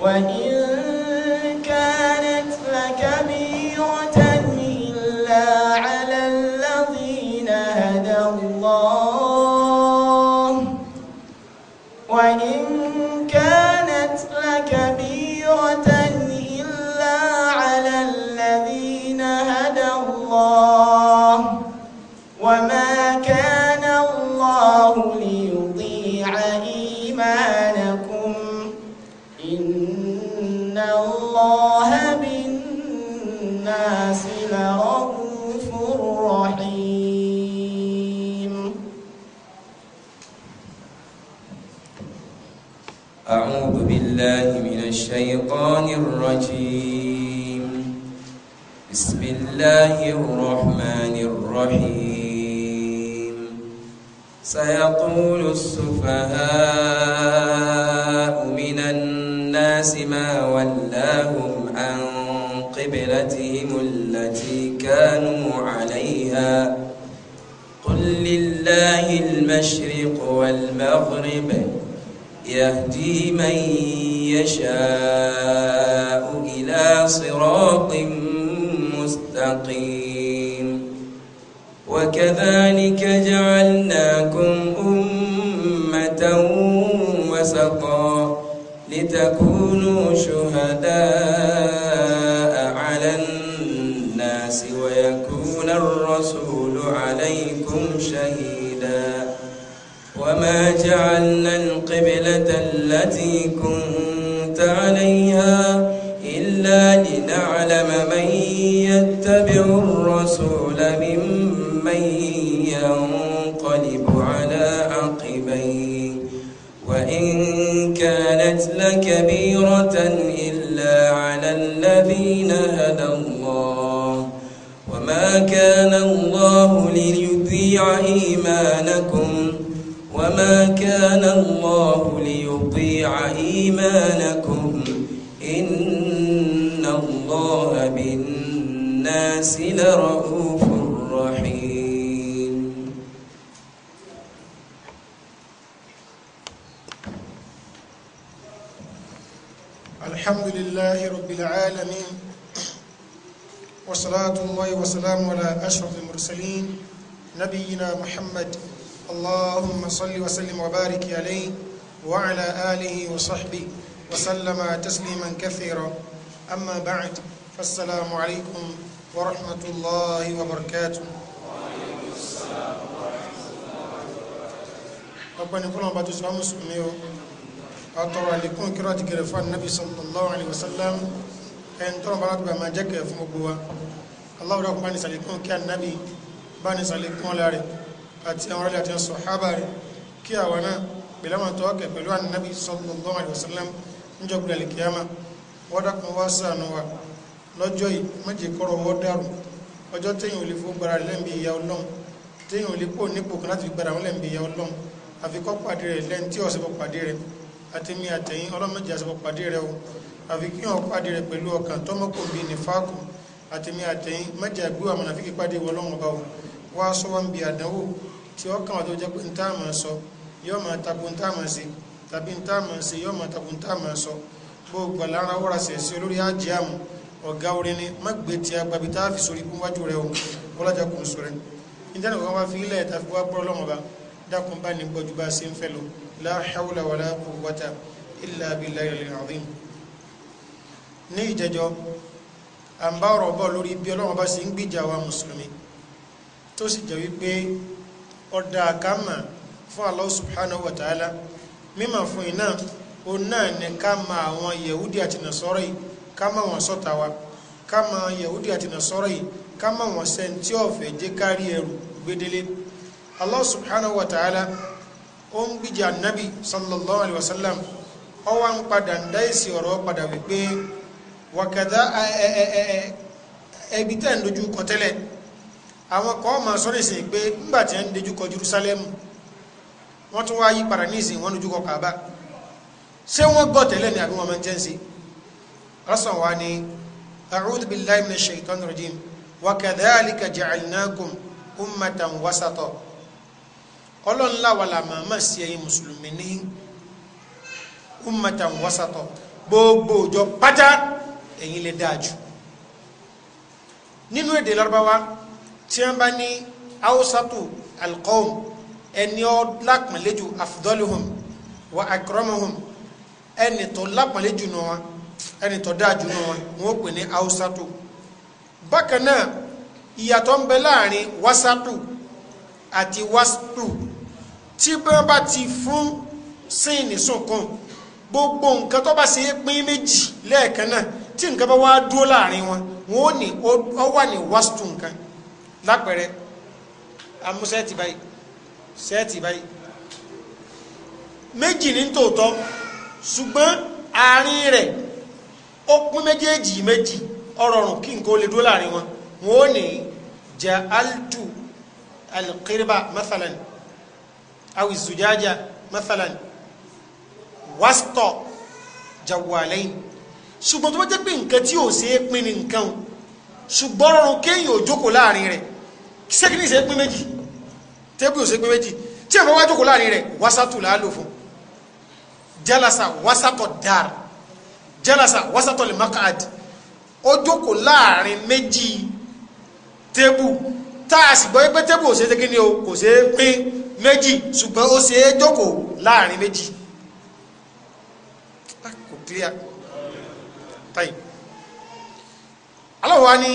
关心。الله الرحمن الرحيم سيقول السفهاء من الناس ما ولاهم عن قبلتهم التي كانوا عليها قل لله المشرق والمغرب يهدي من يشاء إلى صراط وكذلك جعلناكم أمة وسطا لتكونوا شهداء على الناس ويكون الرسول عليكم شهيدا وما جعلنا القبلة التي كنت عليها إلا لنعلم من يتبع الرسول وإن كانت لكبيرة إلا على الذين هدى الله وما كان الله ليذيع إيمانكم وما كان الله ليضيع إيمانكم إن الله بالناس لرؤوف العالمين وصلاة الله وسلام على أشرف المرسلين نبينا محمد اللهم صل وسلم وبارك عليه وعلى آله وصحبه وسلم تسليما كثيرا أما بعد فالسلام عليكم ورحمة الله وبركاته وعليكم السلام ورحمة الله وبركاته ní ọ àtọ̀rọ̀ àlékún kíra ti gẹ̀rẹ̀ fún ẹni tọ́nà bá láti bá máa jẹ́ kẹ̀ fún gbogbo wa aláwọ̀ dákun bá ní sàlékún kí ànábì bá ní sàlékún ọlá rẹ̀ àti àwọn ọ̀rẹ́lẹ̀ àti ọ̀sọ̀ hábà rẹ̀ kí àwa náà pẹ̀lú àwọn tọ́wọ́ kẹ̀ pẹ̀lú ànábì sallallahu alaihi wasallam níjọ́ gbọdọ̀ lè kíyàmá wọ́n dákun wá ṣàánú wa lọ́jọ́ yìí méje kọ́rọ̀ wọ́ dàrú ọjọ́ téèyàn ò lè fún gbára lẹ́ǹbi ìyá ọlọ́run téèyàn ò àfikọ́ pàdé rẹ̀ lẹ́ni tí pàdé rẹ̀ àti mi àtẹ̀yìn ọlọ́mọdé àṣẹ pàdé rẹ̀ o àfi kí wọn pàdé rẹ̀ pẹ̀lú ọkàn tọ́mọ́kò bíi nífàkù àtẹ̀mí àtẹ̀yìn mẹ́jẹ̀ àgbé wa mọ̀nà fíkì pàdé wọ lọ́wọ́ bá wọ wá sọ wọn bí àdánwò tí ọkàn wa tó jẹ́ pé ntá máa sọ yóò máa takò ntá máa ṣe tàbí ntá máa ṣe yóò máa takò ntá máa sọ gbogbo àlára wọ́ra sẹ̀sẹ̀ olórí ajé àmù ọ̀gá orin ni má gbé tí a gbàbí tá a fi sórí kúnwájú rẹ̀ o ọlọ́jà kò ń sọ rẹ̀ nítorí kan wá fi ilẹ̀ ta wá bọ́ ọlọ́wọ́n bá dákun bá la hawla illa billahi al-azim ní ìjẹjọ́ à ń bá ọ̀rọ̀ bọ̀ lórí bí ọlọ́run bá sì ń gbìjà wa mùsùlùmí tó sì jẹ́ wípé ọ̀dà àkámà fún Allah subhanahu wa ta'ala mímọ̀ fún iná òun náà ni ká ma àwọn yẹ̀wúdí àti nàṣọ́rọ̀ yìí ká mọ̀ wọ́n sọ́ta wa ká ma yẹ̀wúdí àti nàṣọ́rọ̀ yìí ká mọ̀ wọ́n sẹ́ntí ọ̀fẹ́ jẹ́ kárí ẹrù gbedele Allah subhanahu wa ta'ala ó ń gbìjà nabi sallallahu alaihi wasallam ọwọ́ ń padà ń dá èsì ọ̀rọ̀ padà wípé wakada ẹbí tẹ́ ń dojú kọ tẹ́lẹ̀ àwọn kan máa sọ́rọ̀ ìsìn pé ńgbà ń dojú kọ Jerusalem wọ́n tún wá padà ní ìsìn dojú kọ Kaaba ṣé wọ́n gbọ́ tẹ́lẹ̀ ni àbí wọ́n máa ń jẹ́ ń wa ni rajim ẹ̀yin lè dáa jù nínú èdè lọ́rọ́báwá tí wọ́n bá ní haúsátù alqawm ẹni ọ́ lápọ̀nlẹ́jù afdọ́lùhùn wa akramahum ẹni tó lápọ̀nlẹ́jù nù wọn ẹni tó dáa jù nù wọn wọn pè ní haúsátù bákan náà ìyàtọ̀ ń bẹ láàrin wasátù àti wasátù tí wọ́n bá ti fún sín ní gbogbo nǹkan tó bá ṣe é pín méjì lẹ́ẹ̀kan náà tí nǹkan bá wá dúró láàrin wọn wọn ò ní ọ wà ní wáṣítù nǹkan lápẹẹrẹ amú sẹ́ẹ̀tì báyìí sẹ́ẹ̀tì báyìí méjì ní tòótọ́ ṣùgbọ́n àárín rẹ̀ ó pín méjèèjì méjì ọrọ̀rùn kí nǹkan ó lè dúró láàrin wọn wọn ò ní ja'altu alqirba mathalan awi zujaja mathalan wasitọ jawalain ṣùgbọ́n tó bá jẹ́ pé nǹkan tí ò ṣe é pín ní nǹkan o ṣùgbọ́n rọrùn kéèyàn ò jókòó láàrin rẹ̀ sẹ́kìnì ṣe é pín méjì tébù ò ṣe é pín méjì tí ẹ̀ wá jókòó láàrin rẹ̀ wásátù là á lò fún jalasa wásátọ̀ dar jalasa wásátọ̀ lè makad ó jókòó láàrin méjì tébù tá a sì gbọ́ pé tébù ò ṣe é kí ni o kò ṣe é pín méjì ṣùgbọ́n ó ṣe é jókòó láàrin méjì. Ah, kò clear tayi alahu wani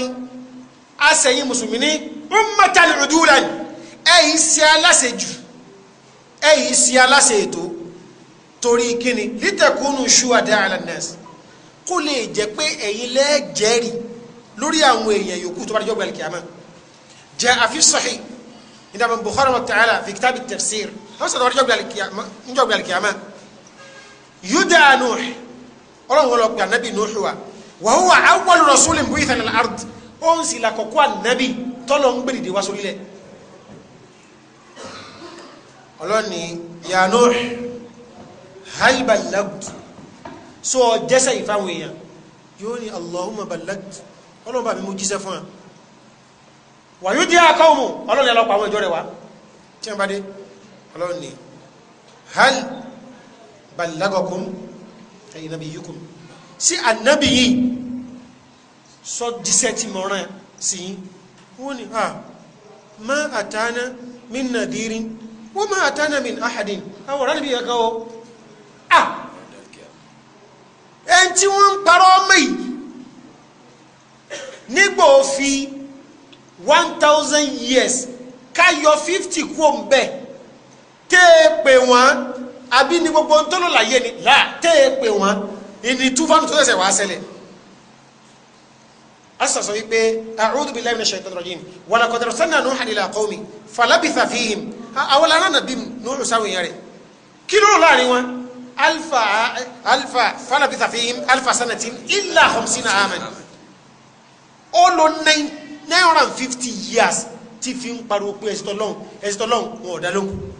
asẹyin musumini ummatan udulan ẹyin si aláṣejù ẹyin si aláṣe ètò torí kíni litakunu shuhada ala nas kó lè jẹ pé ẹyin lẹẹjẹrì lórí àwọn èèyàn yòókù tó bá dé jọgbà alikiyama jẹ àfi sahih ìdàbọn bukhari wa ta'ala fi tafsir wọn sọ tó bá dé jọgbà alikiyama yudda ọlọ́run wọn lọ pé anabi nuhu wa wa huwa awwal rasulin bu'itha lil ard ó ń sì làkọ̀kọ́ anabi tọ́lọ̀ ń gbèdìdì wá sórí lẹ̀ ọlọ́ni ya nuhu hal ballagtu so jẹ́sẹ̀ ìfáwọn èèyàn yóò ní allahumma ballagtu ọlọ́run bá mi mú jíṣẹ́ fún wa wàyú jẹ́ akọ́wọ̀mù ọlọ́run yà lọ́pọ̀ àwọn ìjọ rẹ̀ wá tí bá dé ọlọ́run ní hal ballagakum kẹyìn nàbí yìí kùn sí ànábì yìí sọ díṣẹ́ tí mo rán sí yín wọ́n ní à ah, má àtàná mi nàdírín wọ́n má àtàná mi àhàdín àwọn ọ̀rẹ́ níbi yẹn kan o à ah! tí wọ́n ń parọ́ ọmọ nígbà òfin one thousand years ká yọ fifty kú òun bẹ́ẹ̀ tẹ́ ẹ pè wọ́n àbí ni gbogbo ń tọ́lọ̀ láyé ni là tẹ́ ẹ pé wọn ìní túfánù tó ṣẹ̀ṣẹ̀ wá ṣẹlẹ̀ asàsọ wípé a'udhu billahi minash shaitanir rajim wa laqad arsalna nuhan ila qaumi falabitha fihim àwọn ará nàbí Nuhu sáwọn èèyàn rẹ̀ kí ló láàrin wọn alfa alfa falabitha fihim alfa sanatin illa khamsina aman ó lò nine hundred and fifty years tí fi ń pariwo pé ẹ̀sìtọ́ lọ́hùn ẹ̀sìtọ́ lọ́hùn wọn ò dá lóhùn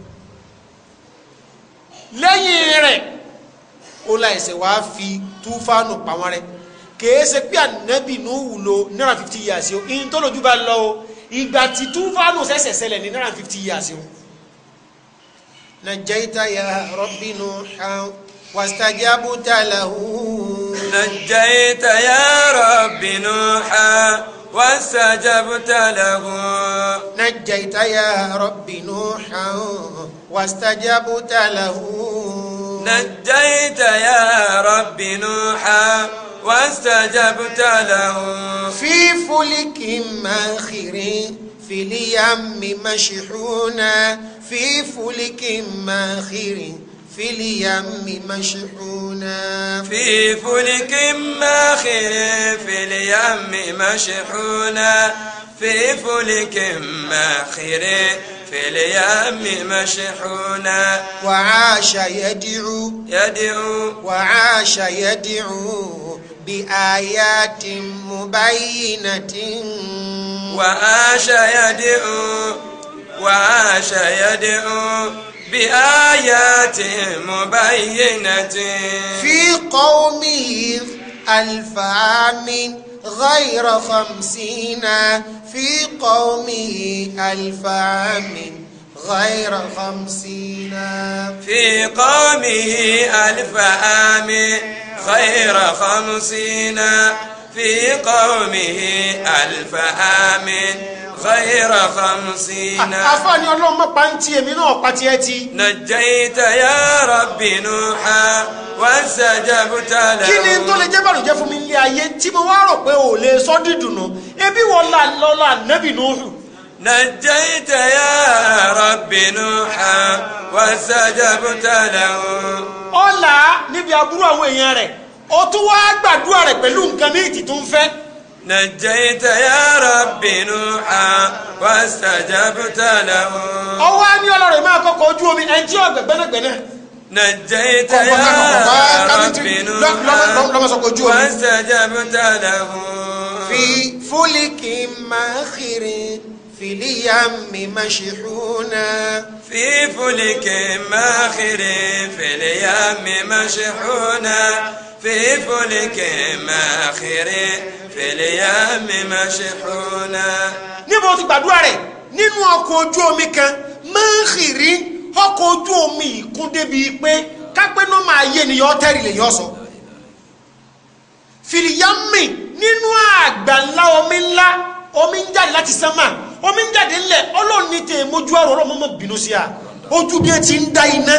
lẹ́yìn rẹ̀ ó la ẹ̀sẹ̀ wá fi túfánù pa wọn rẹ̀ kèé ṣe pé ànábì ní wùlò náírà fifty years o ìyìn tó lójú bá lọ o ìgbà tí túfánù ṣẹ̀ṣẹ̀ ṣẹlẹ̀ ní náírà fifty years o. nàjẹ́ta ya rọ́bì nù hàn wàsítájábù tàlà hù. ya rọ́bì nù واستجبت له نجيت يا رب نوحا واستجبت له نجيت يا رب نوحا واستجبت له في فلك ماخر في اليم مشحونا في فلك ماخر في اليم مشحونا في فلك ماخر في اليم مشحونا في فلك ماخر في اليم مشحونا وعاش يدعو يدعو وعاش يدعو بآيات مبينة وعاش يدعو وعاش يدعو بآيات مبينة في قومه ألف عام غير خمسين في قومه ألف عام غير خمسين في قومه ألف عام غير خمسين في قومه ألف عام fẹ́ẹ́rà fàmùsínà. àfààní ọlọ́run mọ̀pá ń ti èmi náà pa tiẹ̀ ti. nàjẹ́yìntà yà rọ̀bìnú ha wọ́n ṣàjàbùtà lẹ́wọ̀. kí ni tó lè jẹ́ bàlùjẹ́ fún mi nílé ayé tí mo wá rò pé ò lè sọ dídùnú ebi wọn là lọ́la nẹ́bì nùhù. nàjẹ́yìntà yà rọ̀bìnú ha wọ́n ṣàjàbùtà lẹ́wọ̀. ọ̀la níbi àbúrò àwọn èèyàn rẹ̀ ó tún wá gbàdúrà rẹ̀ pẹ̀lú nǹkan méjì tó ń fẹ́. نجيت يا ربي نوحا واستجبت له. او ان ní ما máa جو ojú omi بنا بنا نجيت يا ربي نوحا واستجبت له. في فلك ماخر في اليم مشحونا في فلك ماخر في اليم مشحونا في فلك ماخر fìlíyàmì màṣẹ́húnà. níbo ti gbàdúrà rẹ̀ nínú ọkọ̀ ojú omi kan máa ń xìrí ọkọ̀ ojú omi ìkún débi pé kápẹ́ náà máa yé ènìyàn tẹ́rì lè yọ sọ. fìlíyàmì nínú àgbà ńlá omi ńlá omi ń jáde láti sánmà omi ń jáde ńlẹ̀ ọlọ́run ní tèè mojú àrò ọlọ́run mọ́mọ́ bínú sí a ojú bí ẹ ti ń da iná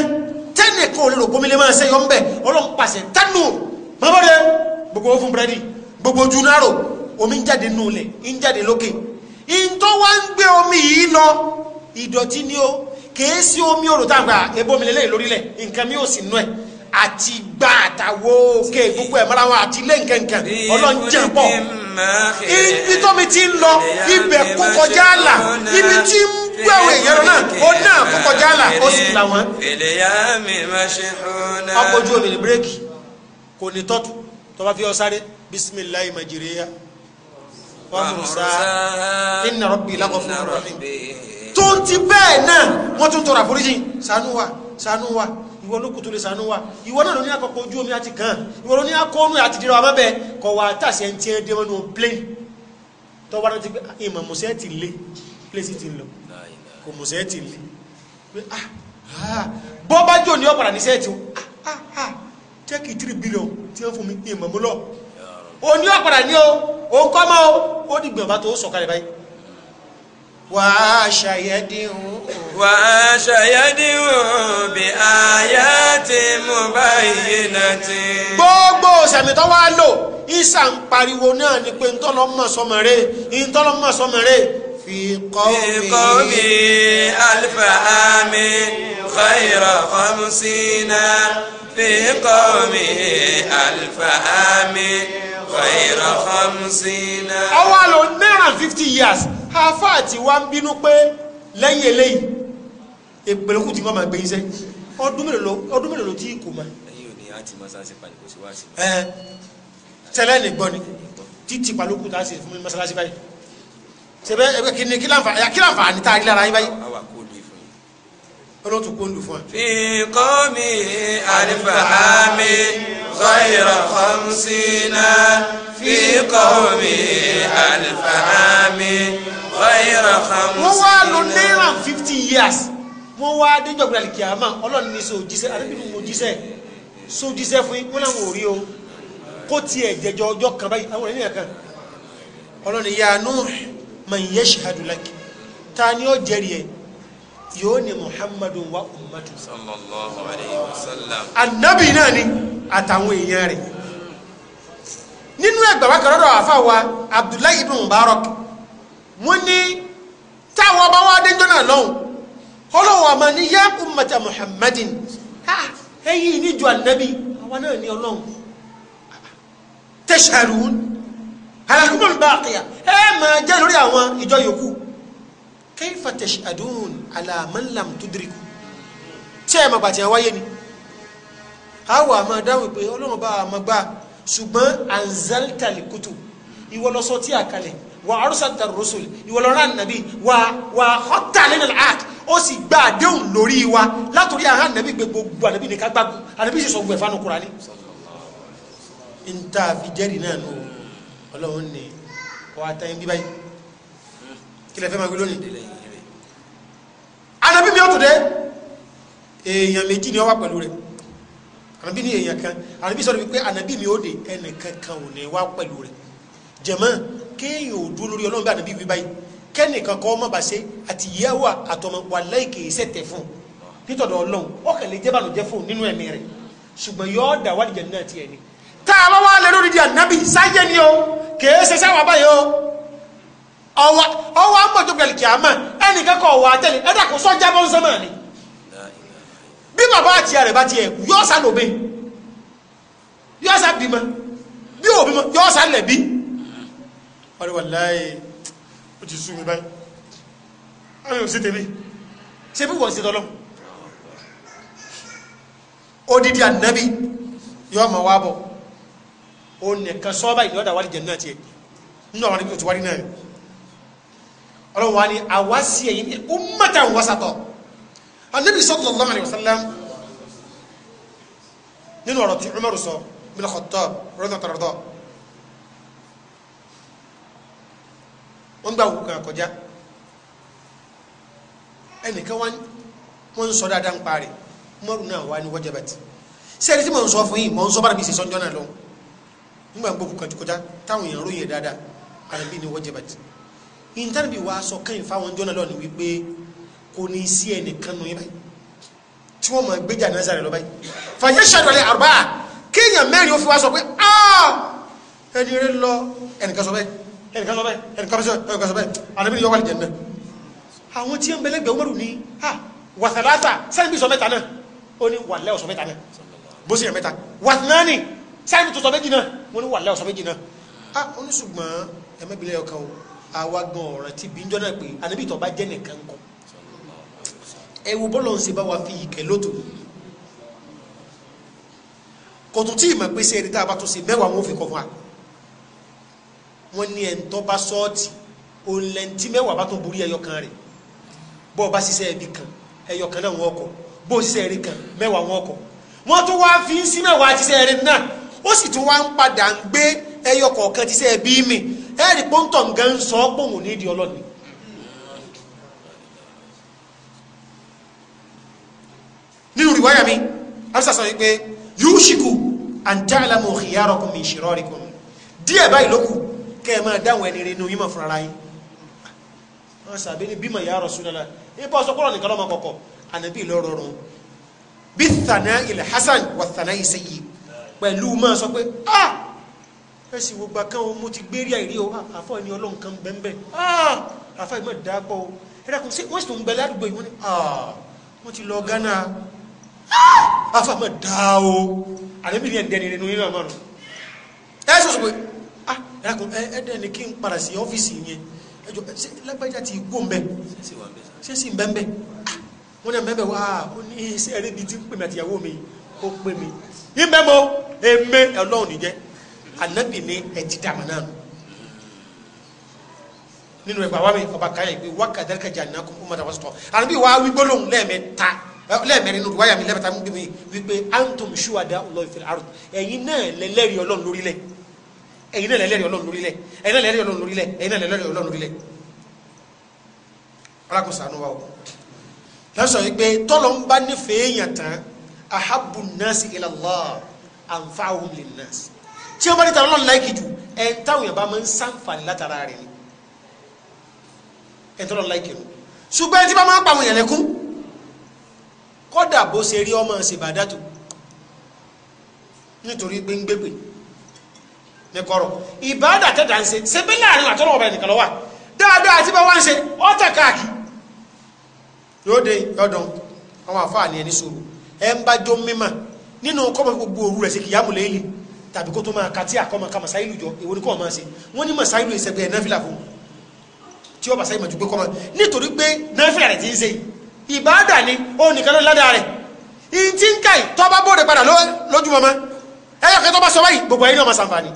tẹ́nìkan ò lè rògbòmílẹ̀ máa ṣe yọ ń bẹ̀ ọlọ́run pàṣẹ tẹ́nu mọ́bọ̀dé gbogbo ó fún búrẹ́dì gbogbo ojú náírà omi ń jáde nù lẹ̀ ń jáde lókè ìntọ́ wá ń gbé omi yìí lọ ìdọ̀tí ni ó kèé omi òrò táwọn gbà ebomi lélẹ̀ lórílẹ̀ nǹkan mi ò sì nú ẹ̀ àti gbà àtàwọ̀ òkè gbogbo ẹ̀ mọ́ra wọn àti ilé nkankan ọlọ́njẹ́ pọ̀ ibi tó mi ti ń lọ ibẹ̀ kó kọjá àlà ibi tí ń gbé àwọn èèyàn náà ó náà kó kọjá àlà ó sì là wọ́n. ọkọ̀ ojú omi ní bírèkì kò ní tọ́tù tó bá fi ọ bisimilayi majiriya wa musa inna rabbi lakọfún rahim tó ń ti bẹ́ẹ̀ náà wọ́n tún tọrọ àforíjì ṣàánú wa ṣàánú wa ìwọ ló kùtù lè ṣàánú wa ìwọ náà ló ní àkọ́kọ́ ojú omi àti kàn ìwọ ló ní akọ́nù àti dìrọ̀ àmọ́bẹ̀ kọ̀ wá tàṣẹ ń tiẹ́ dé mọ́nú plane tọ́wọ́ ah, náà ti pé ìmọ̀ musẹ́ ti lé plane ti lọ kò musẹ́ ti lé ah, ah, bọ́ jò ní ọ̀pàdà ní sẹ́ẹ̀tì o chẹ́kì tírí bílíọ̀n tí wọ́n fún mi ní ìmọ̀mú lọ o ní ọ̀padà ní o o ń kọ́ mọ́ o ó ní gbìyànjú tó sọ̀kalẹ̀ báyìí. wà á ṣàyẹ̀dínwó. wà á ṣàyẹ̀dínwó bí àyà ti mú báyìí náà ti. gbogbo sàmì tó wá lò ìsà ń pariwo náà ni pé ntọ́lọ́mọ̀ sọmọ rẹ̀ ntọ́lọ́mọ̀ sọmọ rẹ̀ في قومه ألف عام خير خمسين في قومه ألف عام خير خمسين ọwọ́ àlọ́ náírà years afa àti wa ń bínú pé lẹ́yìn eléyìí ìpèlókù tí wọ́n máa gbé iṣẹ́ ọdún mélòó ọdún mélòó tí kò máa. ẹ̀yin ò ní àti mọ́sáàsì pàdé kò sí wá sí. tẹ́lẹ̀ nìgbọ́ ni títí pàlókù tá a ṣe fún mi mọ́sáàsì báyìí sebe ebe kini kila nfa ya kila nfa ni taari lara yin bayi. awa k'o di fun yi. ọlọ́run tún kó ń lò fún wa. fi kọ́mi alifahami ghayra khamsina fi kọ́mi alifahami ghayra khamsina. wọ́n wá lò náírà fifty years wọ́n wá déjọ́gbìn alikiyama ọlọ́run ní sojíṣẹ́ alábìnú mojíṣẹ́ sojíṣẹ́ fún yín wọ́n náà wò rí o kó tiẹ̀ jẹjọ ọjọ́ kan báyìí àwọn ènìyàn kan ọlọ́run ìyá nùhìn man yashhadu lak ta ni ó jẹ́rìí ẹ̀ yóò ní muhammadu wa ummatu sallallahu alayhi wa sallam annabi náà ni àtàwọn èèyàn rẹ̀ nínú ẹgbàá wa kọ̀rọ̀dọ̀ àfàwà abdullahi ibn mubarak wọ́n ní táwọn ọba wa dé jọ́nà lọ́hùn ọlọ́wọ́ ọmọ ní yá ummata muhammadin ẹ̀yìn níjọ annabi àwọn náà ní ọlọ́hùn tashharun halakumul baqiya ẹ máa jẹ́ lórí àwọn ìjọ yòókù kayfa tashhadun ala man lam tudriku tí ẹ̀ màgbà tí a wáyé ni a wà máa dáhùn pé ọlọ́run bá a máa gbà ṣùgbọ́n anzaltali kutu ìwọ ló sọ tí a kalẹ̀ wà arsalta rusul ìwọ ló rán nàbí wà wà họ́tà lẹ́nà àt ó gba àdéhùn lórí wa látòrí àhán nàbí gbogbo ànàbí nìkan gbàgbọ́ ànàbí sì sọ gbogbo ẹ̀fánu Kùránì. n ta fi jẹ́rìí náà nù o ọlọ́run ní ọ wa tán bíbáyì kí lẹ fẹ́ máa gbé lónìí. anabi mi ọ̀tún dẹ èèyàn méjì ni ọ wà pẹ̀lú rẹ anabi ni èèyàn kan anabi sọ̀rọ̀ wípé anabi mi ó de ẹnìkan kan ò ní wá pẹ̀lú rẹ jẹ̀mọ́ kéèyàn ò dúró lórí ọlọ́run bí anabi wí báyìí kẹ́nìkan kọ́ ọmọ bàṣẹ àti ìyàwó àtọmọ wà láì kèé sẹ̀tẹ̀ fún un ọlọ́run ọkàn lè jẹ́ bàlùjẹ́ fún nínú ẹ̀mí rẹ̀ ṣùgbọ́n yọ ọ́ dà wà lìjẹ́ náà tiẹ̀ ni tá a bá wà lè lórí di ànábì sáyé ni o kèé ṣe sáwà báyìí o ọwọ́ ọwọ́ àgbọ̀jọ́ gbẹ̀lì kìámà ẹnìkan kọ̀ wà á tẹ̀lé kò sọ́jà bọ́ ń sọ́mọ́ ni bí bàbá àti àrẹ̀ bá ti ẹ̀ yọ́ sá lòbe yọ́ sá bímọ bí òbí mọ yọ́ sá lẹ̀bí wọ́n wà láyé ó ti sú mi báyìí àwọn èèyàn sí tèmi ṣe bí wọ́n sí tọ́lọ́ odidi ànábì yọ́ mọ̀ wá bọ̀ o nìkan sọ́ọ́bà ìlú ọ̀dà wàlìjẹ̀ náà tiẹ̀ nínú àwọn ẹni tó ti wárí náà ọlọ́run wa ni àwa sí ẹ̀yìn ní ummatan wasatọ̀ anabi sallallahu alayhi wa sallam nínú ọ̀rọ̀ tí Umar sọ bin Khattab rọ́dọ̀ tọ̀rọ̀dọ̀ wọ́n gbà wù kàn kọjá ẹnìkan wọ́n ń sọ dáadáa ń parí Umar náà wà ní wọ́jẹ̀bẹ̀tì sẹ́ni tí mò ń sọ fún yìí mò ń sọ bára mi sì sọ́njọ́ náà lọ́wọ́ nígbà gbogbo kan ti kọjá táwọn èèyàn ròyìn ẹ̀ dáadáa àrẹ̀bí ni wọ́n jẹ bàtì ìntánìbì wa sọ kẹ́yìn fáwọn jọ́nà lọ́ni wípé kò ní sí ẹnìkan nù yín báyìí tí wọ́n mọ̀ gbéjà náà sáré lọ báyìí fàyẹ́ ṣàdọ̀lẹ̀ àrùbá kéèyàn mẹ́rin ó fi wá sọ pé ah! ẹni rẹ lọ ẹnìkan sọ bẹ́ẹ̀ ẹnìkan sọ bẹ́ẹ̀ ẹnìkan sọ bẹ́ẹ̀ ẹnìkan sọ bẹ́ẹ̀ àrẹ̀bí ni yọ́wọ́ lè àwọn tí ha wasalasa sẹni bí sọ mẹ́ta náà ó ní wàlẹ ọsọ mẹ́ta sáyẹn tó sọ méjì náà wọn ní wàlẹ́ ọ̀sọ méjì náà a ah, oníṣùgbọ́n ẹ̀mẹ́bìlẹ̀ ọ̀kan o àwa gan ọ̀ràn ti bí njọ́ náà pé ànábì tó bá jẹ́ nìkan kọ ẹ wo bọ́lọ̀ ń ṣe bá wa fi ìkẹ́ lóto kò tún tí ìmọ̀ pé ṣe ẹni tá a bá tún ṣe mẹ́wàá wọn ò fi kọ fún wa wọn ní ẹni tó bá sọ́ọ̀tì òun mẹ́wàá bá tún borí ẹyọ rẹ̀ bọ́ ọ bá ṣiṣẹ́ ẹbí kan ẹyọ náà wọn kọ bó ṣiṣẹ́ ẹrí kan mẹ́wàá wọn kọ wọn tún wá fi ń sí mẹ́wàá ṣiṣẹ́ ẹrí náà ó sì tún wá ń padà ń gbé ẹyọ kọ̀ọ̀kan ti sẹ́ bí mi ẹ̀rì pọ́ńtọ̀ nǹkan ń sọ pòun nídìí ọlọ́ni. nínú ìwáyà mi alisa sọ wípé yushiku antalamu khiyarakum min shirarikum díẹ̀ báyìí lókù kẹ́ ẹ máa dáhùn ẹni rinu yín mọ̀ fúnra yín wọ́n sàbẹ̀ ní bímọ ya Rasulullah ibà sọ kúrò nìkan lọ́mọ kọ̀kọ̀ ànábì lọ́rọ̀rùn bí thana ilẹ̀ hasan wà thana yìí sẹ́yìí pẹ̀lú máa sọ pé ah ẹsì gbogbo kan o mo ti gbé rí àìrí o ah, àfọ ẹni ọlọ́run kan bẹ́ẹ̀ ah àfọ ìmọ̀ dápọ̀ o ẹ̀rọ kan sí wọ́n sì tún gbẹ ládùúgbò yìí wọ́n ní ah wọ́n ti lọ Ghana ah àfọ àmọ̀ dá o àlẹ́bí ni ẹ̀dẹ́ni rẹ̀ nínú ìlú àmọ́ ẹ sọ sọ pé ah ẹ̀rọ kan ẹ̀dẹ́ni kí n padà sí ọ́fíìsì yẹn ẹjọ lágbájá ti gbó mbẹ ṣé sì mbẹ́mbẹ́ ah! wọ́n ní mbẹ́mbẹ́ wá ó ní iṣẹ́ rẹ̀ bíi ti ń pè mí àtìyàwó mi yìí ó pé mi ibẹ̀ mo èmi ọlọ́run nìjẹ́ ànábì mi ẹ̀ ti dàmà náà nù nínú ẹgbàá wa mi ọba kan yẹ pé wákàtí ka jà nínú akókò mọta wàsítọ àbí wa wí gbólóhùn lẹ́ẹ̀mẹ́ta lẹ́ẹ̀mẹ́rin nínú wáyà mi lẹ́ẹ̀mẹ́ta mi bímọ wípé antum ṣúwádà Allahi fil ard ẹ̀yin náà lẹ́lẹ́rìí ọlọ́run lórí lẹ̀ ẹ̀yin náà lẹ́lẹ́rìí ọlọ́run lórí lẹ̀ ẹ̀yin náà lẹ́lẹ́rìí ọlọ́run lórí lẹ̀ ẹ̀yin náà lẹ́lẹ́rìí ọlọ́run lórí lẹ̀ ọlákùn sànú wa o lọ́sọ̀ yìí pé tọ́lọ́ ń bá nífẹ̀ẹ́ èèyàn tán ahabu nasi ilallah anfa'uhum lin nas tí wọn bá ní tàbí lọ́nà láìkì jù ẹ̀ ń táwọn yẹn bá máa ń sàǹfààní látara rẹ̀ ni ẹ̀ ń tọ́lọ̀ láìkì nù ṣùgbọ́n ẹ̀ tí bá máa ń pa àwọn yẹn lẹ́kún kódà bó ṣe rí ọmọ ṣèbàdàtò nítorí gbéngbégbè ní kọ̀rọ̀ ìbáàdà tẹ́ta ń ṣe ṣe bí láàrin àtọ́lọ́ ọba ẹnìkan lọ́wà dáadáa tí bá wá ń ṣe ọ́tẹ̀ káàkì yóò dé yọ̀dọ̀ àwọn àfáà ní ẹni sọ̀rọ̀ ẹ ń bá jó mímà nínú kọ́mọ gbogbo òru rẹ̀ sí kìyàmù lẹ́yìn tàbí kó tó máa kàtí àkọ́mọ ká masáìlú jọ èwo ni kọ́ máa ṣe wọ́n ní masáìlú ìṣẹ̀gbẹ́ ẹ̀ náfìlà fún tí ọba sáyé màjú nítorí pé náfìlà rẹ̀ ti ń ṣe ni òun nìkan ló ládàá rẹ̀ ìyìn tí ń káì tó bá bóde padà lójúmọ́mọ́ ẹ̀yọ̀ kẹ́ tó bá sọ báyìí gbogbo ẹ̀yìn ọmọ sàǹfààní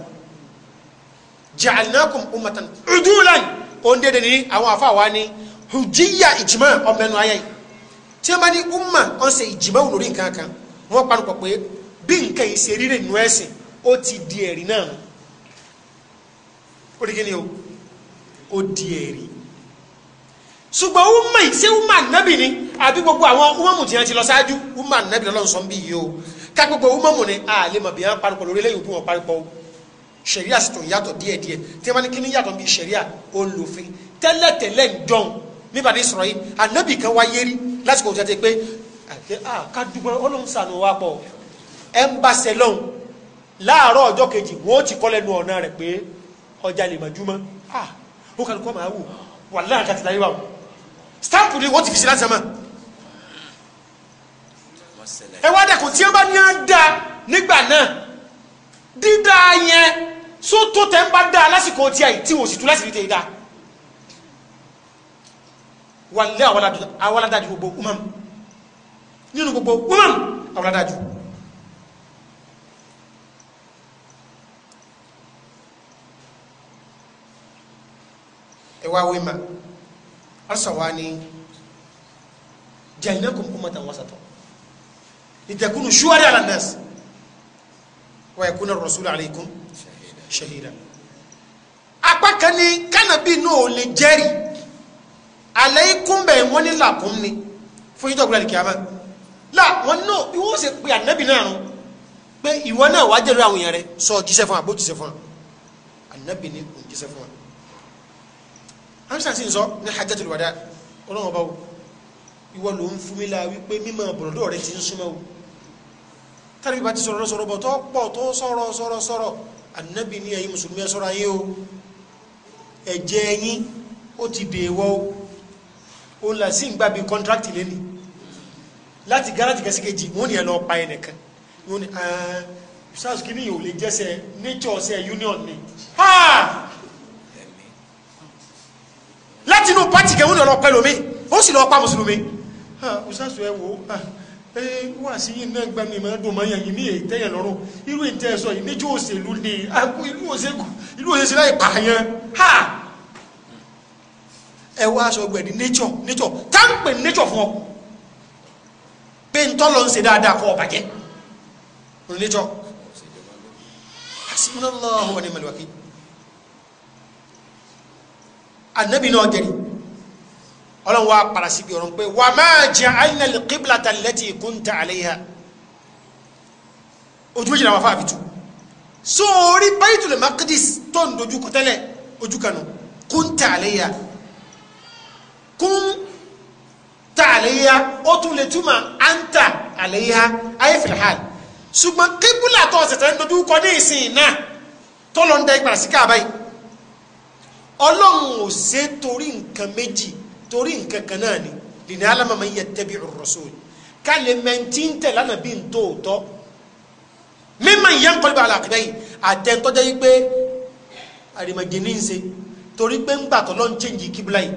ja'alnakum ummatan udulan òun dédé ní àwọn wa ní hujjiya ijma ọmọ ẹnu ayé tí wọ́n bá ní umma wọ́n ṣe ìjìmọ̀ òlórí nǹkan kan wọ́n panupọ̀ pé bí nǹkan yìí ṣe rírè nínú ẹ̀sìn ó ti di ẹ̀rí náà ó di kíni o ó di ẹ̀rí ṣùgbọ́n umma yìí ṣé umma nàbì ni àbí gbogbo àwọn umamu tí wọ́n ti lọ ṣáájú umma nàbì lọ́lọ́run sọ ń bí yìí o ká gbogbo umamu ni a lè mọ̀ bí wọ́n panupọ̀ lórí lẹ́yìn òbí wọn panupọ̀ o ṣẹ̀ríà sì tún yàtọ̀ díẹ̀díẹ̀ tí wọ́n bá ní kíni yàtọ̀ bí ṣẹ̀ríà ó lòfin tẹ́lẹ̀tẹ́lẹ̀ ń dán nígbà tí sọ̀rọ̀ yìí ànábì kan wáyé rí lásìkò tó ti pé kádùgbọ́n ọlọ́run sànù wa pọ̀ ẹ̀ ń bá ṣe lọ́hùn láàárọ̀ ọjọ́ kejì wọ́n ti kọ́ lẹ́nu ọ̀nà rẹ̀ pé ọjà lè mọ̀júmọ́ ó kàlùkù ọmọ àwò wà láàrín kàtí láyé wà ó stamp ni wọ́n ti fi sí láti sẹ́mọ̀ ẹ wá dàkú tí wọ́n bá ní á da nígbà náà dídá yẹn sótó tẹ́ ń bá dá lásìkò tí a yìí tí wọ́n sì tú láti rí tẹ́ yìí dáa wàlẹ́ àwọládájú gbogbo umam nínú gbogbo umam àwọládájú ẹwà wíma alsawa ni jẹ́lẹ́kùn kúmọ̀tà wasatọ̀ ìtẹ̀kùnù ṣúwárí alandas wà ẹ̀kùnà rasúlù alaykum shahida apá kan ní kánàbí náà lè jẹ́rìí aleikum bẹ́ẹ̀ wọ́n ní làkún ni fún yíjọ́ gbọ́dọ̀ kìámẹ́ là wọ́n nọ bí wọ́n ṣe pe ànábì náà rún pé ìwọ náà wàá jẹ́rú àwọn èèyàn rẹ sọ jíṣẹ́ fún wa bó jíṣẹ́ fún wa ànábì ní kò jíṣẹ́ fún wa. amsa sì ń sọ ní hajjatul wada ọlọ́wọ́n bá wo ìwọ ló ń fún mi la wípé mímọ bọ̀dọ̀ rẹ ti ń súnmọ́ o tàbí bá ti sọ̀rọ̀ sọ̀rọ̀ bọ̀ tó pọ̀ tó sọ̀rọ̀ sọ̀rọ̀ sọ̀rọ̀ ànábì ní ẹ̀yin mùsùlùmí ẹ̀ sọ̀rọ̀ ayé o ẹ̀jẹ̀ ẹ̀yin ó ti dèèwọ̀ o òun là sí ìgbà bíi kọ́ńtrákìtì lẹ́nu láti gáràjì kẹsíkejì wọn ò ní ẹ lọ pa ẹnìkan wọn ni sars kìíní yìí ò lè jẹ́sẹ̀ nature ṣe union ni láti inú pátì kẹ́hún ni ọlọ́pẹ́ lómi ó sì lọ́ọ́ pa mùsùlùmí ọ̀sàsù ẹ̀ wò ó wà sí yìí náà gbani ìmọ̀ ẹ̀dùn mọ́ yẹn ní ètẹ́yẹ̀ lọ́rùn irú ìtẹ́ ẹ̀ sọ yìí níjọ́ òṣèlú ni ìlú òṣèlú láì pààyàn ha ẹ wá aṣọ gbẹ̀dì nature nature táǹpẹ̀ nature fún ọ pé ń tọ́lọ́ ń ṣe dáadáa kọ́ ọ̀bàjẹ́ òní nature asimilallahu wa ni maliwaki anabi náà jẹ́rìí ọlọ́run wa para síbi ọ̀run pé wà máa jẹ àìnàlì kíblata lẹ́tì kúnta àléyà ojú méjì náà wà fáàbì sórí Baitul Maqdis tó ń dojú kọ ojú kanu kúnta àléyà kún ta àléyá ó tún lè túmọ̀ anta àléyá ayé filhal ṣùgbọ́n kébùlà tó ọ̀sẹ̀ tẹ́lẹ̀ dojú kọ ní ìsìn náà tó lọ ń da ìgbà sí káàbá yìí ọlọ́run ò ṣe torí nǹkan méjì torí nǹkan kan náà ni lìnà alámàmá yẹ tẹ́bi ar-rasul ká lè mẹ́ntì ń tẹ̀ lánàá bí n tó tọ́ mímọ̀ ìyá ń kọ́lé ala aqibaihi àtẹ̀ntọ́jẹ́ yìí pé àrèmàjẹ́ ní í ṣe torí pé ń gbàtọ́ lọ́n chẹ́ǹjì kíbla yìí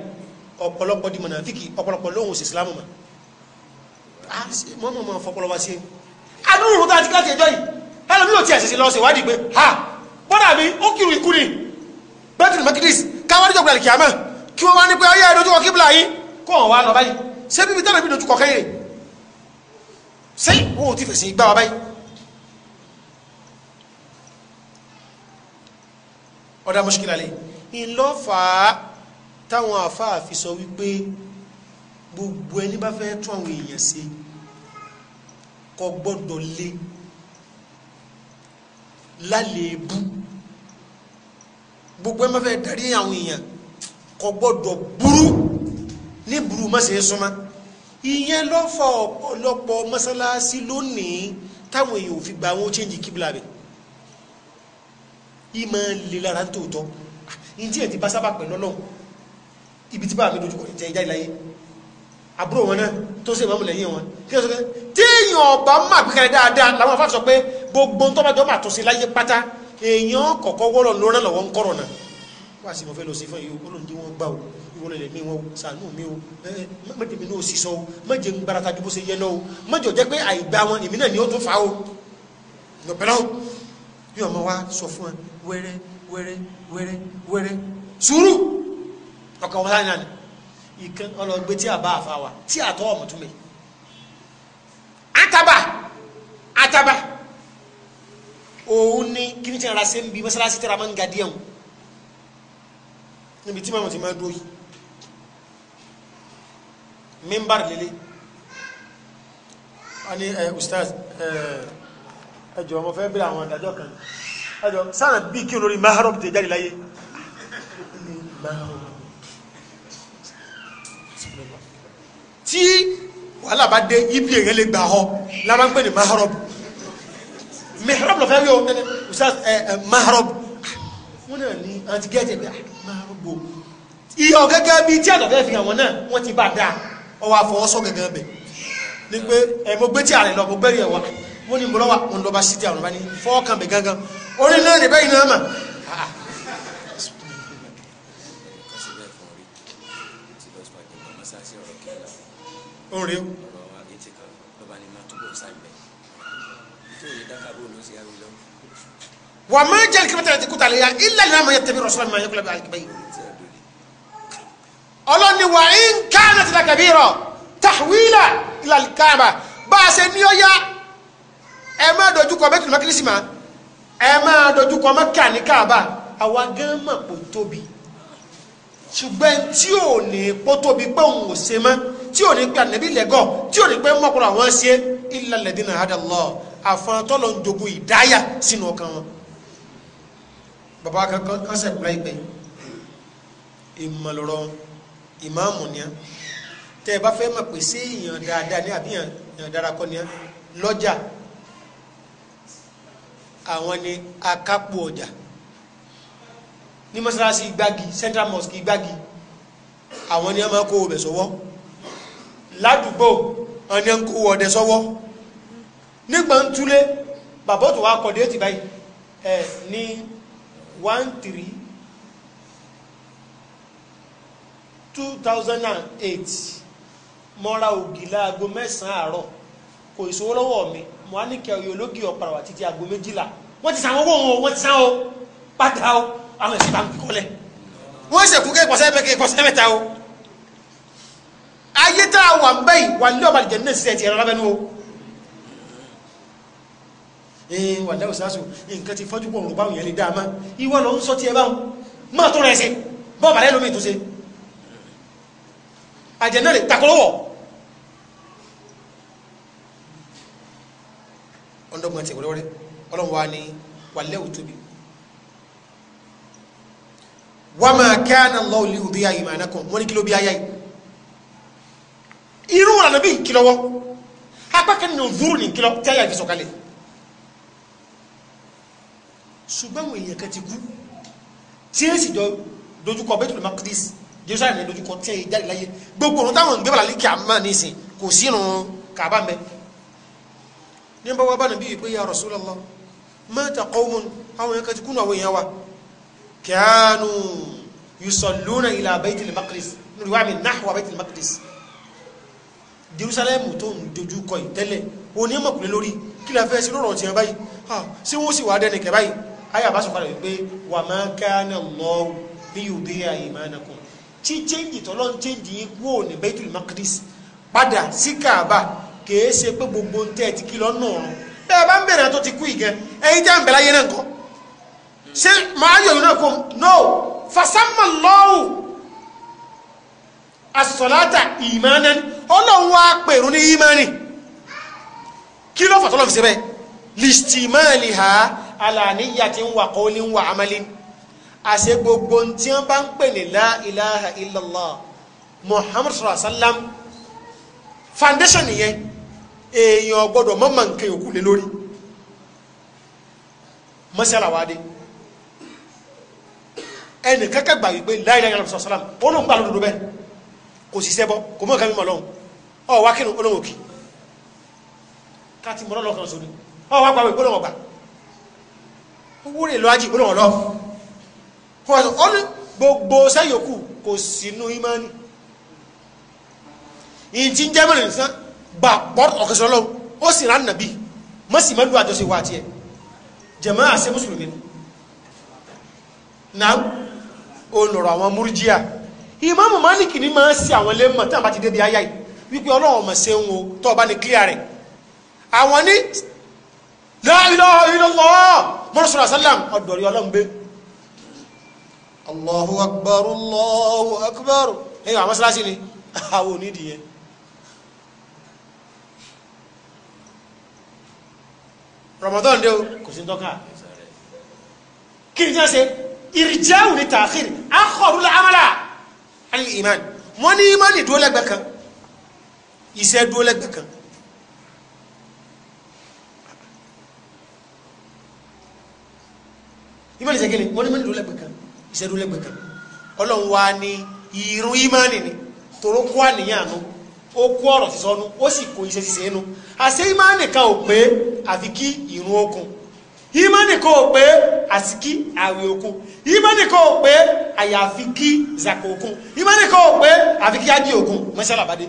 ọ̀pọ̀lọpọ̀ di mọ̀nàfíkì ọ̀pọ̀lọpọ̀ lóhùn sí islam mọ̀ mọ́mọ́ mọ́ fọpọlọ wá sí ẹ adúrún tá a ti láti ẹjọ́ yìí ẹlòmí ò ti ẹ̀sìn lọ sí ìwádìí pé ha bọ́dà mi ó kiri ikú ni bẹ́tìrì mẹ́kídìs káwọn níjọba ìlẹ̀kì àmọ́ kí wọ́n wá ní pé ọyá ìdójúkọ kíbla yín kó wọn wá lọ báyìí ṣé bíbi tẹ́lẹ̀ bí dojúkọ kẹ́yìn ṣé wọn ò ti fèsì gbá wa báyìí ọ̀dà mọ́ṣíkìlà lè ńlọ́fàá táwọn àfáà fi sọ wípé gbogbo ẹni bá fẹ́ tún àwọn èèyàn ṣe kò gbọ́dọ̀ lé lálẹ́bù gbogbo ẹni bá fẹ́ darí àwọn èèyàn kò gbọ́dọ̀ burú ní burú má ṣe súnmọ́ ìyẹn ló fà ọ̀pọ̀lọpọ̀ mọ́sálásí lónìí táwọn èèyàn ò fi gba àwọn chíńjì kíbla bẹ̀ ìmọ̀ ń le lára tòótọ́ ìdí ẹ̀ ti bá sábà pẹ̀lú ọlọ́run ibi tí bá mi dojúkọ jẹ ìjà ìlàyé àbúrò wọn náà tó ṣe ìmọ̀mù lẹ́yìn wọn kí wọ́n sọ pé téèyàn ọba mà pẹ́kẹ́rẹ́ dáadáa làwọn afáfẹ́ sọ pé gbogbo tó bá jọ mà tó ṣe láyé pátá èèyàn kọ̀kọ́ wọ́rọ̀ ló rán lọ́wọ́ ń kọ̀rọ̀ náà wá sí mo fẹ́ lọ sí fún yìí olóhùn tí wọ́n gbà o ìwọlẹ̀lẹ̀ mi wọn sànú mi o mẹ́tẹ̀ mi náà sì sọ o mẹ́jẹ̀ ń gbára tajú bó ṣe yẹ lọ o ni ó tún fa o lọ́pẹ́lọ́ bí ọmọ wa sọ fún sùúrù ọkàn wọn sáyẹn ni ìkan ọlọgbẹ tí a bá àfa wa tí a tọ́ ọmọ túnbẹ̀ ataba ataba òun ni kíni tí a ra se ń bi mọ́sálásí tẹ́ra máa ń ga díẹ̀ wọn níbi tí màmá ti máa dúró yìí mímbà lélẹ̀ wọ́n ẹ ustaz ẹ ẹ jọ ọmọ fẹ́ bẹ̀rẹ̀ àwọn adájọ́ kan ẹ jọ sáà bí kí olórí maharob tẹ jáde láyé maharob tí wàhálà bá dé ibi lè gbà họ lábá ń pè ní maharob maharob lọ fẹ́ yọ maharob wọ́n náà ní àti gẹ́ẹ̀tì ah, maharob o iye ọ̀gẹ́gẹ́ bíi tí àtọ̀fẹ́ fi àwọn náà ti bá dáa ọwọ́ àfọwọ́sọ gẹ́gẹ́ bẹ̀ ni pé ẹ mo gbé tí lọ mo gbẹ́rì ẹ̀ wá sí ti àwọn ọba ní fọ́ọ̀kan bẹ̀ gángan orí náà ní bẹ́yìn náà mà ah, ah. òǹrẹ́ o. ọ̀rọ̀ akéèté kan lọ́ba ni máa túbọ̀ sá ìgbẹ́ tó lè dáká bó ló ṣe àwìn lọ. wà á máa jẹ́ kíkọ́ tẹ̀lé kúta lè ya ilẹ̀ ìlànà yẹn tẹ̀mí rọ̀ṣọ́lá mi yẹ́kúlẹ̀ bí alìkìbẹ́ yìí. rọ tahwila ilà kàbà bá a ṣe ya ẹ máa dojú kọ bẹ́tùlù mẹ́kìlísì máa ẹ máa dojú kọ mẹ́kà ní kàbà àwa gán mọ̀ kò tóbi ṣùgbọ́n tí ò ní kó tóbi pé òun ò ṣe tí ò ní pé ànábì lẹ́gọ̀ tí ò ní pé mọ́kùnrin àwọn ṣe illa alladhina hada Allah àfọ̀n tọ́lọ̀ ń jogún ìdáyà sínú ọkàn wọn. bàbá kankan kọ́sẹ̀ kúrẹ́ ìpẹ́ ìmọ̀lọ́rọ̀ ìmáàmù ni tẹ́ ẹ bá fẹ́ mọ̀ pé sí èèyàn dáadáa ní àbí èèyàn dára kọ́ ni lọ́jà àwọn ni akápò ọjà ní mọ́sálásí igbági central mosque igbági àwọn ni wọ́n máa kó o bẹ̀ sọ́wọ́. So ládùúgbò ọ̀nà ń kó ọ̀dẹ sọ́wọ́ nígbà ń túlé bàbá tó wá kọ̀dé ti báyìí ẹ̀ ní one three two thousand and eight mọ́ra ògì láago mẹ́sàn-án àárọ̀ kò ìṣòwò lọ́wọ́ mi mo á ní kẹ́ ọ̀yọ́ ológì ọ̀pàràwà títí aago méjìlá wọ́n ti san owó wọn wọ́n ti san o pátá o àwọn ìṣèlú ń kọ́lẹ̀ wọ́n ṣèkú kéèkọ́sẹ́ mẹ́ta o ayé tá a wà ń bẹ́ yìí wà ní ọba àlìjẹ́ náà sí ẹ̀tì ẹ̀rọ lábẹ́nu o ee wà lẹ́wọ̀ sáàsù nǹkan ti fọ́jú pọ̀rùn báwọn yẹn lè dáa máa ìwọ lọ ń sọ ti báwọn máa tó rẹ̀ sí bọ́ọ̀bà lẹ́nu mi tó àjẹ́ náà lè takọ́lọ́wọ̀ ọ̀dọ́gbọ̀n ti wẹ́rẹ́wẹ́rẹ́ ọlọ́run wa ni wà lẹ́wọ̀ tóbi wà máa kẹ́ àná lọ́ọ̀lì òbí ayé màá náà kàn kí ló bí ayé yìí irú wọn lọ bí nkìlọ́wọ́ apákan ní òvúrú ní nkìlọ́ tí a yà fi sọ̀kalẹ̀ ṣùgbọ́n àwọn èèyàn kan ti kú tí èsì dojúkọ Baitul Maqdis Jerusalem ní dojúkọ tẹ́ ẹ jáde láyé gbogbo ọ̀run táwọn ìgbé bàlálí kì á máa ní ìsìn kò sí irun kàbá mẹ́ ní bá wá bá nàbí ìpé ya Rasulullah mata qawmun àwọn èèyàn kan ti kú nù àwọn èèyàn wa kanu yusalluna ila Baitul Maqdis nuriwa min nahwa Baitul Maqdis Jerusalem tó ń dojú kọ ìtẹ́lẹ̀ òní mọ̀kùnrin lórí kí la fẹ́ sí rọ̀rọ̀ tiẹ̀ báyìí ṣé wọ́n sì wà dẹ́nu kẹ́ báyìí ayé àbá sọ̀kalẹ̀ wípé wà máa ká náà lọ ní yòdé ayé máa nà kún tí chéǹjì tọ́lọ́ ń chéǹjì yín kú òní Baitul Maqdis padà sí Kaaba kìí ṣe pé gbogbo ń tẹ́ ẹ ti kí lọ nù ọ̀run bẹ́ẹ̀ bá ń bẹ̀rẹ̀ tó ti kú ìgẹ́ ẹ̀yin asọ̀láta ìmánẹ́ni ọlọ́run wá pèrún ní ìmánì kí ló fàtọ́lọ́ fi ṣe bẹ́ẹ̀ listimali ha alaniya ti ń wà kọ́ ní wà amali àṣẹ gbogbo tí wọ́n bá ń pè ní la ilaha illallah muhammad sallallahu alaihi wa sallam foundation nìyẹn èèyàn gbọ́dọ̀ mọ́mọ́ nǹkan yòókù lé lórí mọ́sálà ẹnì kankan gbà wípé la ilaha sallam ó ló ń gbà lódodo bẹ́ẹ̀ kò sì sẹ́bọ́ kò mọ́ ìkàmí mọ̀lọ́hun ọ wá kírun olóhùn òkì káti mọ́lọ́ lọ́kàn sóni ọ wá pàwé olóhùn ọgbà owó rè lọ ají olóhùn ọlọ́ wọn sọ ọ ní gbogbo sẹ́yọkù kò sínú ìmánì ìyìn tí ń jẹ́ mẹ́rin nìsan gbà pọ́ ọ̀kẹ́sọ̀ lọ́wọ́ ó sì rán nàbí mọ́ sì mẹ́lú àjọṣe wà tiẹ̀ jẹ̀mọ́ àṣẹ mùsùlùmí náà ó lọ̀rọ̀ àwọn múrjíà ìmáàmù Málíkì ni máa ń ṣe àwọn lé mọ̀ tí wọ́n bá ti débi ayá yìí wípé ọlọ́run ọmọ ṣe ń wo tó ọba ní clear rẹ̀ àwọn ní la ilaha illallah mọ́rọ́sọ̀rọ̀ sálàm ọ̀dọ̀rí ọlọ́run gbé allahu akbar allahu akbar ẹ̀yìn àwọn mọ́sálásí ni àwọn onídìí yẹn Ramadan dé o kò sí tọ́ka kí ni jẹ́ ṣe ìrìjáwù ní tààkìrì akọ̀rùlá amala ayé iman mo ní imani dúró lẹ́gbẹ̀ẹ́ kan iṣẹ́ dúró imani ṣe kele mo ní imani dúró lẹ́gbẹ̀ẹ́ kan iṣẹ́ dúró lẹ́gbẹ̀ẹ́ kan ọlọ́run wa ni irun imani ni tòró kó àníyàn nu ó kó ọ̀rọ̀ sísọ nu ó sì kó iṣẹ́ nu àṣẹ imani kan ò pé àfi kí irun ó ìmánì kò pé àsìkí àwẹ̀ òkun ìmánì kò pé àyàfi kí zàkò òkun ìmánì kò pé àfi kí ájí òkun mọ́sálàbádé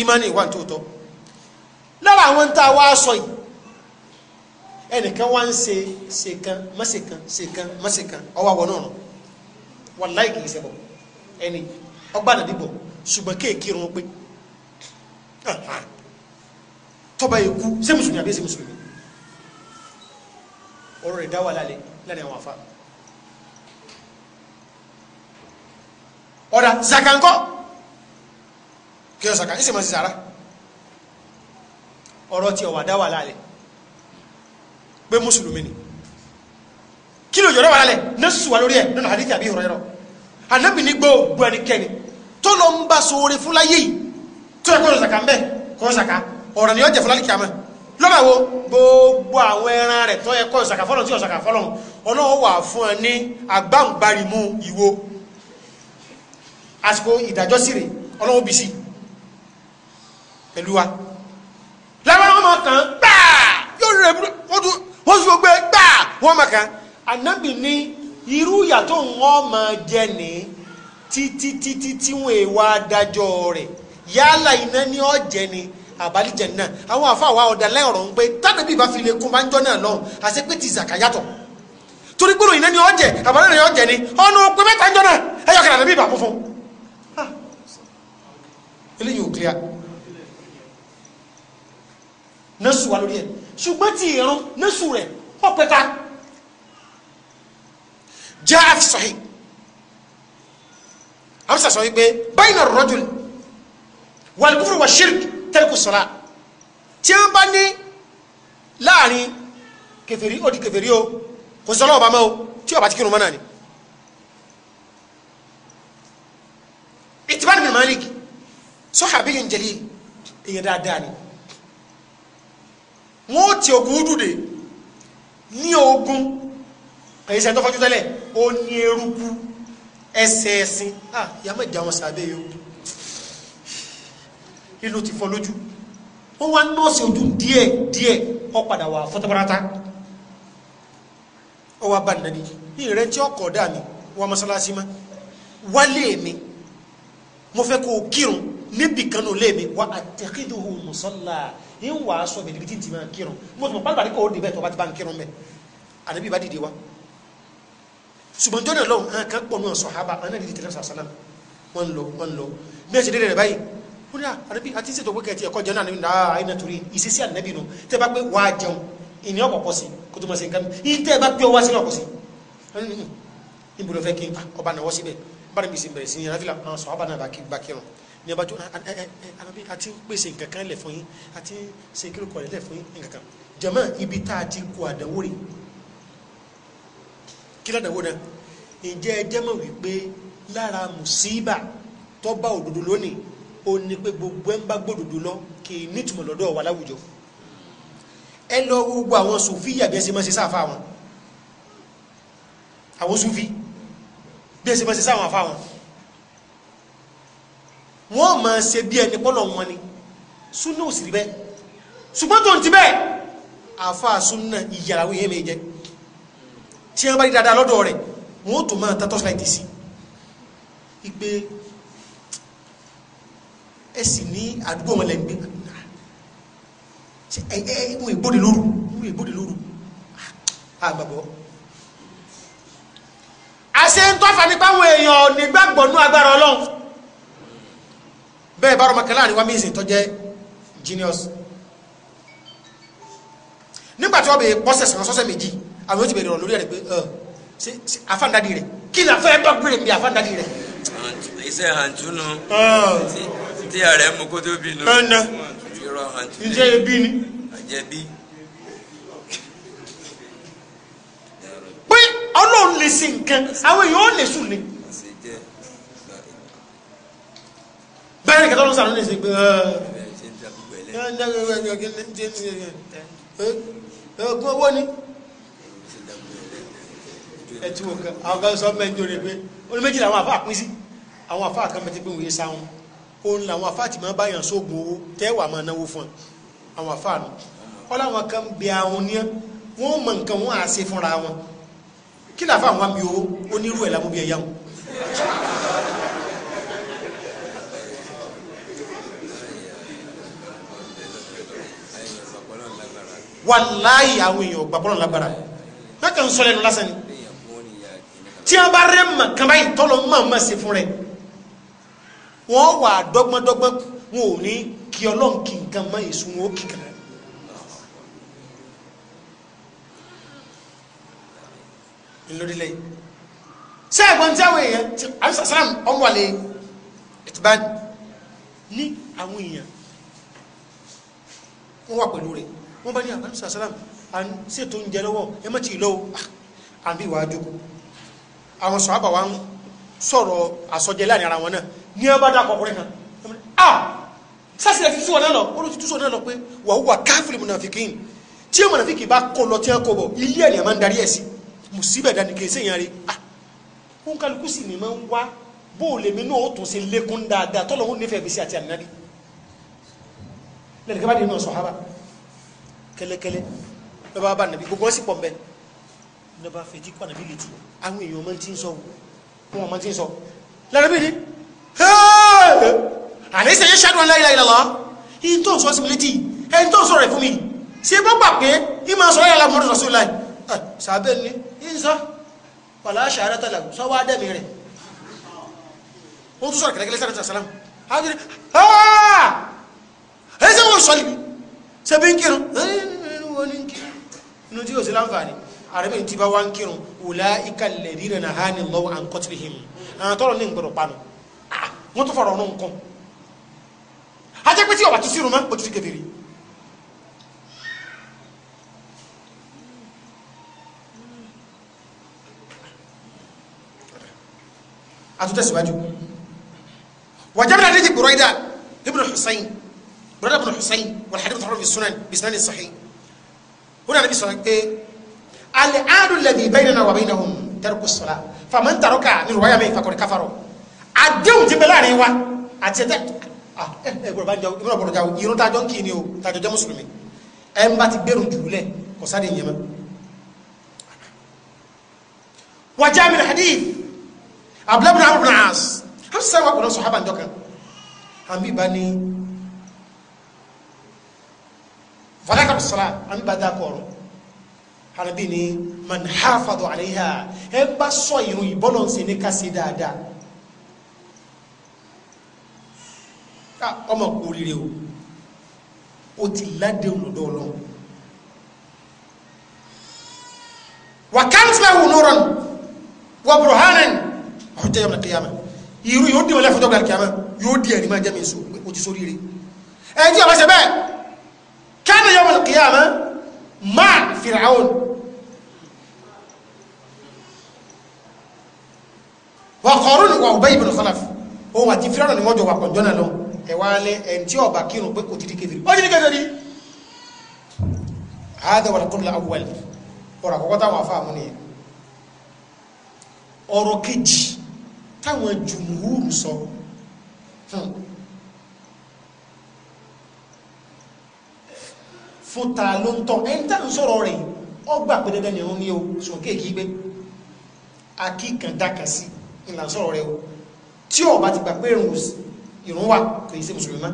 ìmánì wà tóótọ́ lára àwọn tá a wá sọ yìí ẹnìkan wá ń ṣe ṣèkan mọ́ṣèkan ṣèkan mọ́ṣèkan ọwọ́ àwọn náà wàláì kì í ṣẹbọ ẹni ọgbà nàdìbọ̀ ṣùgbọ́n kéèké rún pé ah, ah. tọ́ba yìí kú ṣé mùsùlùmí àbí ṣé mùsùlùmí ọ̀rọ̀ rẹ̀ dá wà lálẹ́ lẹ́nu àwọn afa. ọ̀dà zakankọ́ kí ọ zaka ìsèmọ̀ sí sara ọ̀rọ̀ tí ọ̀wà dá wà lálẹ́ pé mùsùlùmí ni kí ló yọ̀rọ̀ wà lálẹ́ nẹ́sùsù wà lórí ẹ̀ nínú àdìtì àbí ìrọ̀rọ̀ ànábì ní gbogbo ẹnikẹ́ni tó lọ ń bá sóore fúláyé yìí tó yẹ kó ọ̀rọ̀ zaka ń bẹ̀ kó ọ̀rọ̀ zaka ọ̀rọ̀ ni ó jẹ́ fúláyé kìámẹ́ lọ́nà wo gbogbo àwọn ẹran rẹ̀ tọ́ ẹ̀kọ́ ìsàkàfọ́lọ̀ tí ọ̀sàkàfọ́lọ̀ ọlọ́wọ́ wà fún ẹ ní agbáǹbarimu ìwo àsìkò ìdájọ́ sí rè ọlọ́wọ́ bìí sí pẹ̀lú wa lábára wọn kàn gbáà yóò rẹ̀ wọ́n sì gbé gbáà wọ́n mọ̀ kàn ànábì ní irú ìyàtọ̀ wọn máa jẹ ní títí títí tí wọn èèwà adájọ́ rẹ̀ yálà iná ní ọ̀jẹ̀ ni. Titi, titi, titi, àbálíjẹ náà àwọn àfáàwà ọ̀dà lẹ́ọ̀rọ̀ ń pé tánàbí bá fi lè kún ń jọ náà lọ́hùn àti pé ti zàkà yàtọ̀ torí gbọ́dọ̀ ìnáni ọ̀jẹ̀ àbálẹ̀ rẹ̀ ọ̀jẹ̀ ni ọ̀nà òpin mẹ́ta ń jọ náà ẹ̀yọ̀ kàrà nàbí ìbà funfun. eléyìí ò clear nọ́ọ̀sù wa lórí ẹ̀ ṣùgbọ́n ti ìrún nọ́ọ̀sù rẹ̀ ọ̀pẹ̀ta jẹ́ àfisọ̀hì àfisọ̀hì pé báyìí náà rọ́jùlì wàlúkúfù wà ṣírìkì tẹ́lẹ̀kù sọ̀rọ̀ tí wọ́n bá ní láàrin kèfèrí ó di kèfèrí o kò sọ́nà ọba máa o tí ọba ti kírun mọ́nà ni. ìtìbá bin Malik sahabiyun jalil èèyàn dáadáa ni wọ́n ti ogun dùde ní ogun kẹ̀yìn sẹ́ńtọ́ tẹ́lẹ̀ ó ní eruku ẹsẹ̀ ẹ̀sìn ah ìyá mẹ́jà wọn sàbẹ̀ yòókù lílo ti fọ́ lójú ó wá nọ́ọ̀sì ojú díẹ̀ díẹ̀ ó padà wà fọ́tọ́bárátá ó wá bá nàní ní ìrẹ́ tí ọkọ̀ dà mí wọ́n mọ́sálásí mọ́ wálé mi mo fẹ́ kó o kírun níbi kan ló lé mi wà á tẹ̀kídò mùsọ́lá ń wà á sọ bẹ̀rẹ̀ ibi tí ti máa kírun mo tún mọ̀ pálíbà ní kò ó dé bẹ́ẹ̀ tó bá ti bá ń kírun mẹ́ àdébí bá dìde wa ṣùgbọ́n jọ́nà lọ́hùn kan pọ̀ náà sọ̀hábà ọ̀nà ìdíje tẹ̀lé sàṣálà wọ́n lọ wọ́n lọ bí ẹ ṣe dé ó ní ànábì àti ìṣètò pé kẹ̀tì ẹ̀kọ́ jẹun ànábì náà àìnà torí ìṣesí ànábì nu tẹ́ bá pé wàá jẹun ìní ọ̀pọ̀pọ̀ sí kó tó mọ̀ sí nǹkan yìí tẹ́ bá pé ọwá sí ọ̀pọ̀ sí hmm, níbo ló fẹ́ kí ọba náà wọ́ síbẹ̀ bára mi sì bẹ̀rẹ̀ sí yẹn àfihàn àwọn sọ ọba náà bá kírun ní ọba tó ànábì àti pèsè nǹkan kan lẹ̀ fún yín àti ṣe kí lára mùsíbà tọ́ba òdodo lónìí ó ní pé gbogbo ẹ̀ ń bá gbòdòdó lọ kì í nítumọ̀ lọ́dọ̀ wa láwùjọ ẹ lọ gbogbo àwọn sùfí yàgbẹ́ sí máa ṣe sáfà wọn àwọn sùfí bí ṣe sáwọn àfà wọn wọn máa ṣe bí ẹni pọ́lọ̀ wọn ni súnà òsì rí bẹ́ẹ̀ ṣùgbọ́n tó ń ti bẹ́ẹ̀ àfà súnà ìyàrá yẹn méje tí wọn bá rí dáadáa lọ́dọ̀ rẹ̀ wọn ó tó máa tatọ́ síláìtì sí i pé ẹ sì ní àdúgbò wọn lẹ́gbẹ́ ẹ ẹ ìwé ìbòdè lóru ìwé ìbòdè lóru ah, àgbàgbọ́ àṣẹ ń tọ́fà nípa àwọn èèyàn nígbàgbọ́ nú agbára ọlọ́run bẹ́ẹ̀ bá rọmọkẹ́ láàrin wá mísìn tó jẹ́ genius nígbà tí wọ́n bèèrè pọ́sẹ̀sì kan sọ́sẹ̀ méjì àwọn yóò ti bèèrè lórí rẹ̀ pé àfáǹdádì rẹ̀ kí ni àfẹ́ dọ́gbìnrin bí àfáǹdádì rẹ̀. iṣẹ́ àjùnú tí ààrẹ mú kó tó bínú. ẹnẹ ìjẹ ebi ni. àjẹbí. pé ọlọ́run lè ṣe nǹkan àwọn èèyàn ò lè sùn ni. bẹ́ẹ̀ ni kẹtọ́ ló sàrún lè ṣe pé ogun owó ni ẹ ti wò kan àwọn kan sọ mẹ́jọ rẹ pé oníméjìlá àwọn àfa àpín sí àwọn àfa àkànbẹ́tẹ́ pé sáwọn òun làwọn afáàtì máa bá yàn sóògùn owó tẹ́wàá máa náwó fún àwọn afáàmì ọláwọn kan bẹ àwọn ní wọn mọ nǹkan wọn á ṣe fúnra wọn kí làfà àwọn àmì owó onírú ẹ̀ lámúbi ẹ̀yà wọn. wàláyé àwọn èèyàn gbàgbọ́n lágbára mẹ́kàn sọ lẹ́nu lásán ni tí a bá rẹ́ mọ̀ kàn báyìí tọ́lọ́ mọ̀ mọ̀ ṣe fún rẹ̀ wọ́n wà dọ́gbọ́ndọ́gbọ́n wọn ò ní kí ọlọ́run kí nǹkan mọ́ èso wọn ó kì kan. ńlọrọlẹ ṣé ẹ̀gbọ́n tí àwọn èèyàn àbí sàṣàràm ọmọlẹ ìtìbá ní àwọn èèyàn wọ́n wà pẹ̀lú rẹ̀ wọ́n bá ní àbí sàṣàràm à ń ṣètò oúnjẹ lọ́wọ́ ẹ má ti lọ́wọ́ ah, àbí ìwà àdúgbò àwọn sọ̀rọ̀ àbàwá ń àsọjẹ láàrin ara wọn náà ní ẹ bá dà ọkùnrin kan ah sásìlẹ̀ fi túwọ̀ náà lọ ó ló ti túwọ̀ náà lọ pé wà ó wà káfílì mùnàfíkìn tí ó mùnàfíkìn bá kó lọ tí ó kó bọ̀ ilé ẹ̀yàn máa ń darí ẹ̀ sí mùsíbẹ̀ dání kì í sèyàn rí ah òun kálukú sì ní máa ń wá bó o lè mi náà ó tún ṣe lékún dáadáa tọ́lọ̀ ó nífẹ̀ẹ́ gbèsè àti ànínádi lẹ́nu kábàdé náà sọ̀hábà kẹ́lẹ́kẹ́lẹ́ lọ́ba bá nàbí gbogbo àlẹ́sẹ̀ yẹ́ ṣáàdùn aláìlá ìlàlá yìí tó ń sọ sí létí ẹni tó ń sọ rẹ̀ fún mi ṣe bọ́ gbà pé yìí máa sọ láyà lábọ̀ mọ́tò sọ́sọ́ láì sàbẹ̀ ni yìí ń sọ pàlà ṣàárẹ̀ tàlà sọ wá dẹ̀mí rẹ̀ wọ́n tún sọ̀rọ̀ kẹ̀lẹ́kẹ̀lẹ́ sàrẹ̀ sàlám ágìrì ẹ̀sẹ̀ wọ́n sọ lìbí ṣe bí ń kírun wọ́n ní kírun inú tí yóò sí láǹfààní àrẹ́bẹ̀ ní ti bá wá ń kírun wùlá ìkàlẹ̀ rírẹ̀ nà hánì lọ́wọ́ à ń kọ́tìrì hìm àwọn tọ́rọ ní ìgbọ̀rọ̀ panu wọ́n tún fọ̀rọ̀ ọ̀run nǹkan ajẹ́ pé tí ọ̀bà tún sí irun mọ́ ojú ti kèfèrí àtúntẹ̀síwájú wàjábìrì àdéjì buraida ibn hussein buraida ibn hussein wal hadith tọrọ fi sunan bi sunan sahih wọn nàbí sọ pé al aadu alladhi baynana wa baynahum tarku faman taraka ní ruwaya mi faqad kafara àdéhùn ti bẹ láàrin wa àti ẹ̀tẹ́ ah, ẹgbẹ̀rún bá jọ ìmúlọ̀ bọ̀rọ̀ jáwó irun tájọ́ ń kí ni o tájọ́ jẹ́ mùsùlùmí ẹ ń bá ti gbẹ̀rùn jù lẹ̀ kò sáré ìyẹn mọ́ wà já mi nàdí abúlébùnà àrùn às á sì sáré wà pẹ̀lú sọ̀hábà ń jọkàn àmì ìbá ní fàdákà sọ̀rọ̀ àmì ìbá dákọ̀ ọ̀rọ̀ àrùn bí ní man àríyá ẹ bá sọ ìrun ìbọ́lọ̀ ní ká dáadáa ká ọmọ kú oríire o ó ti ládé olùdó ọlọ́run wà káńtìlá wù nùrọ̀n wà burhanan ọjọ́ yọmọ kìyàmá irú yóò dì wọn lẹ́fọ́jọ́ gbà kìyàmá yóò dì ẹ̀rí máa jẹ́ mi sọ ó ti sọ sórí rẹ̀ ẹjọ́ ọmọ ṣe bẹ́ẹ̀ kánà yọmọ kìyàmá máa fìràwọn wà kọ̀ọ̀rún wà Ubay ibn Khalaf òun ti fìràwọn ni wọ́n wà pọ̀jọ́ náà lọ́wọ́ ẹ̀wà alẹ́ ẹ̀n tí ọba kírun pé kò ti di kèfèrí ó ti di kèfèrí àádọ́wàlá kọ́nà awwal ọ̀rọ̀ àkọ́kọ́ táwọn afá mú nìyẹn ọ̀rọ̀ kejì táwọn jùmùhúrù sọ hmm. fún ta ló ń tọ́ ẹni tá ń sọ̀rọ̀ rẹ̀ ọ gbà pé dandan nìrún ní o sùn kéèkì gbé akíkàn dákà sí ìlànsọ̀rọ̀ rẹ̀ o tí ọba ti gbà pé ìrùn ìrún wà kò yí sí mùsùlùmí náà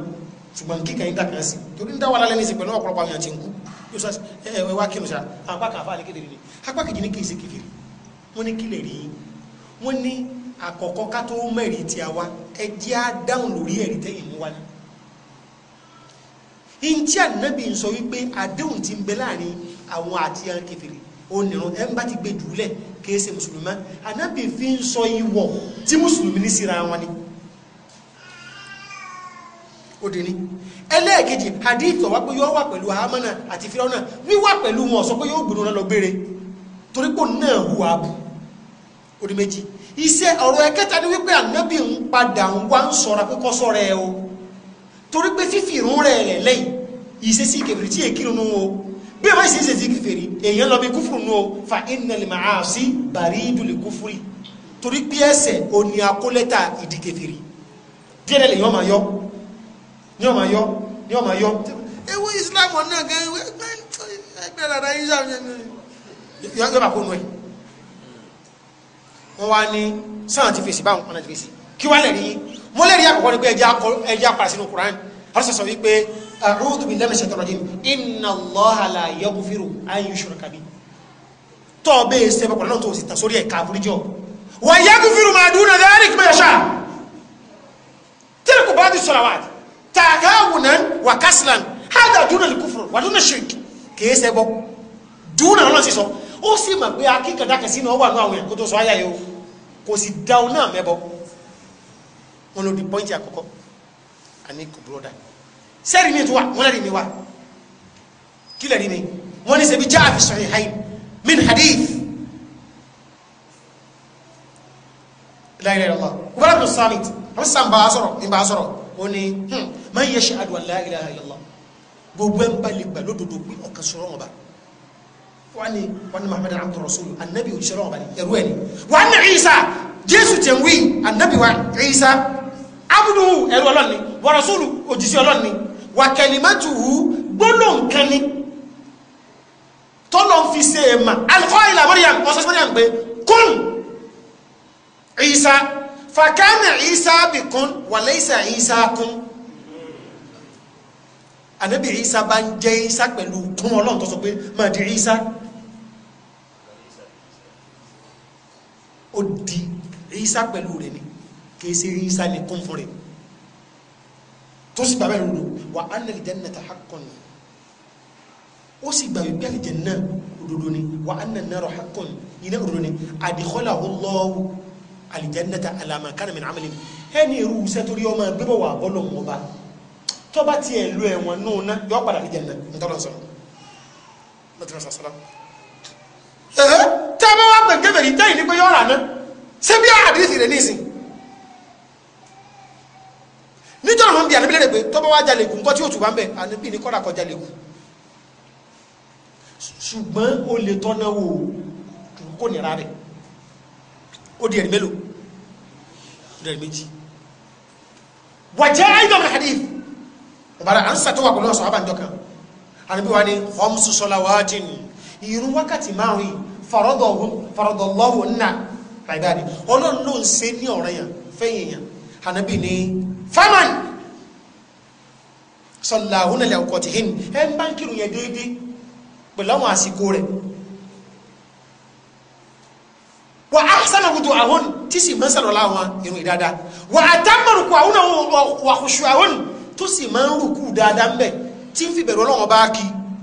ṣùgbọ́n kíkà yín dàkàn sí torí ń dá wà lálẹ́ ní ìsìn pẹ̀lú ọ̀pọ̀lọpọ̀ àwọn àti ń kú yóò sá ẹ wá kírun sá apá kan àfa àlékéde rèé apá kejì ní kì í ṣe kékeré wọ́n ní kílẹ̀ rí wọ́n ní àkọ́kọ́ ká tó mẹ́rin ti àwa ẹ á dáhùn lórí ẹ̀rí tẹ́yìn mú wa ní. ìǹtí ànábì ń sọ wípé àdéhùn ti ń bẹ láàrin àwọn àti àwọn kékeré onírun ẹ ń bá ti gbé jùlẹ̀ kì í ṣe mùsùlùmí odini ẹlẹ́ẹ̀kejì hadith ọ̀wá pé yóò wà pẹ̀lú ahamana àti firauna wíwà pẹ̀lú wọn sọ pé yóò gbìnà lọ gbére torí pò náà hu abu odi méjì iṣẹ́ ọ̀rọ̀ ẹ̀kẹta ni wípé ànábì ń padà ń wá ń sọra pé kọ́ sọ́ra ẹ o torí pé fífi ìrún rẹ̀ rẹ̀ lẹ́yìn iṣẹ́ sí kèfèrí tí èkìrì nù o bí ẹ̀ma ìṣe ìṣe kèfèrí èèyàn lọ bí kúfùrù nù o fa innal ma'asi baridul kufri torí pé ẹ̀ṣẹ̀ òní akólẹ́ta ìdí kèfèrí díẹ̀ lẹ́yìn ọmọ ayọ́ ní ọmọ yọ ní ọmọ yọ ewu islam náà gẹ ẹgbẹ́ rárá yín sáà yọ bá kó nu ẹ wọn wá ní sáà ti fèsì báwọn kọ́nà ti fèsì kí wá lè rí yín mo lè rí àkọ́kọ́ ni pé ẹja apàrà sínú Qur'an alóso sọ wípé a'udhu billahi minash shaitanir rajim inna Allaha la yaghfiru an yushraka bihi tọ́ ọ bẹ́ẹ̀ ṣe ọkọ̀ náà tó sì tàn sórí ẹ̀ka àforíjọ́ wa yaghfiru ma duna dhalik man yasha tilku ba'du salawat tàdáwùnán wà kásìlán hádà dúnà lè kúfùrù wà dúnà ṣìrìkì kìí ṣe bọ́ dúnà lọ́nà sísọ ó sì mà pé akíkàdákà sínú ọwọ́ àwọn èèyàn kó tó sọ ayá yìí o kò sì da ọ náà mẹ́bọ wọn ló di pọ́ǹtì àkọ́kọ́ àní kò búrọ́dà sẹ́ẹ̀rì mi tó wà wọn lẹ́rìí mi wà kí lẹ́rìí mi wọn ní sẹ́bi já àfi sọ̀rọ̀ ìhàyè min hadith la ilaha illallah wọ́n lọ́dún sámit wọ́n sàn bá a sọ̀rọ̀ ní bá a sọ̀rọ̀ ó ní hmm, man yashhadu an la ilaha illallah gbogbo ẹ̀ ń bá lè gbà lódodo pé ọ̀kan sọ̀rọ̀ wọn bá wọ́n ní wọ́n ní muhammed abdul rasul anabi òṣìṣẹ́ wọn bá ní ẹ̀rú ẹ̀ ní wọ́n ní isa jésù tẹ̀ ń wí anabi wa isa abudu ẹ̀rú ọlọ́ni wa rasulu òjíṣẹ́ ọlọ́ni wa kalimatuhu gbóló nǹkan ni fi ṣe ma alukọ́ ìlà mọ́ríyàm ọ̀sán mọ́ríyàm pé kún fàkánà ìsá bìkún wàlẹ́ ìsá ìsá kún ànábì ìsá bá ń jẹ́ ìsá pẹ̀lú kún ọlọ́run tó sọ pé máa di ìsá ó di ìsá pẹ̀lú rẹ̀ ni kìí ṣe ìsá ní kún fún rẹ̀ tó sì bàbá ìrùlù wà á jannata haqqun ó sì gbà wípé àlìjẹ́ náà ni wà á nà an-naru haqqun ni adkhalahu Allahu alijannata alama kana min amalin ẹni irú iṣẹ́ torí ọmọ gbébọ̀ wà bọ́lọ̀ wọn bá tó bá tiẹ̀ lu ẹ̀wọ̀n náà ná yọ padà àlìjẹ́nà ntọ́lọ̀ sọ̀rọ̀ lọ́tìrọ̀ sàṣọ́lá ẹ̀hẹ́ tẹ́ bá wà pẹ̀lú kẹfẹ̀rí tẹ́yìn ní pé yọ ọ̀rà náà ṣé bí àdìsí rẹ̀ ní ìsìn nítorí wọn bí àníbílẹ̀ rẹ̀ pé tó wà jalè kù nǹkan tí bá ń bẹ̀ àníbí ní kọ́dà kọ́ jalè kù ṣùgbọ́n o lè wò kò nira rẹ̀ ó di ẹ̀rí mélòó ó di ẹ̀rí méjì wàjẹ́ ayélujára ní hadith ọ̀bàrà à ń sàtọ́wà pẹ̀lú ọ̀sán àbànjọ kan àníbí wa ni khamsu salawatin ìrun wákàtí márùn-ún faradallahu nà àìbáyé ọlọ́run ló ń ṣe ní ọ̀rẹ́ yẹn fẹ́yìn yẹn àníbí ni faman sọ̀làhùn ilẹ̀ ọkọ̀ tìhín ẹ̀ ń bá ń kírun yẹn déédéé pẹ̀lú àwọn àsìkò rẹ̀ wa ahsana wudu ahun tí sì máa ń sàlọ́lá wọn irun ìdáadáa wa àtàmọ̀rù kù àwọn wa khushu ahun tó sì máa ń rùkú dáadáa mbẹ tí ń fi bẹ̀rù ọlọ́wọ́n bá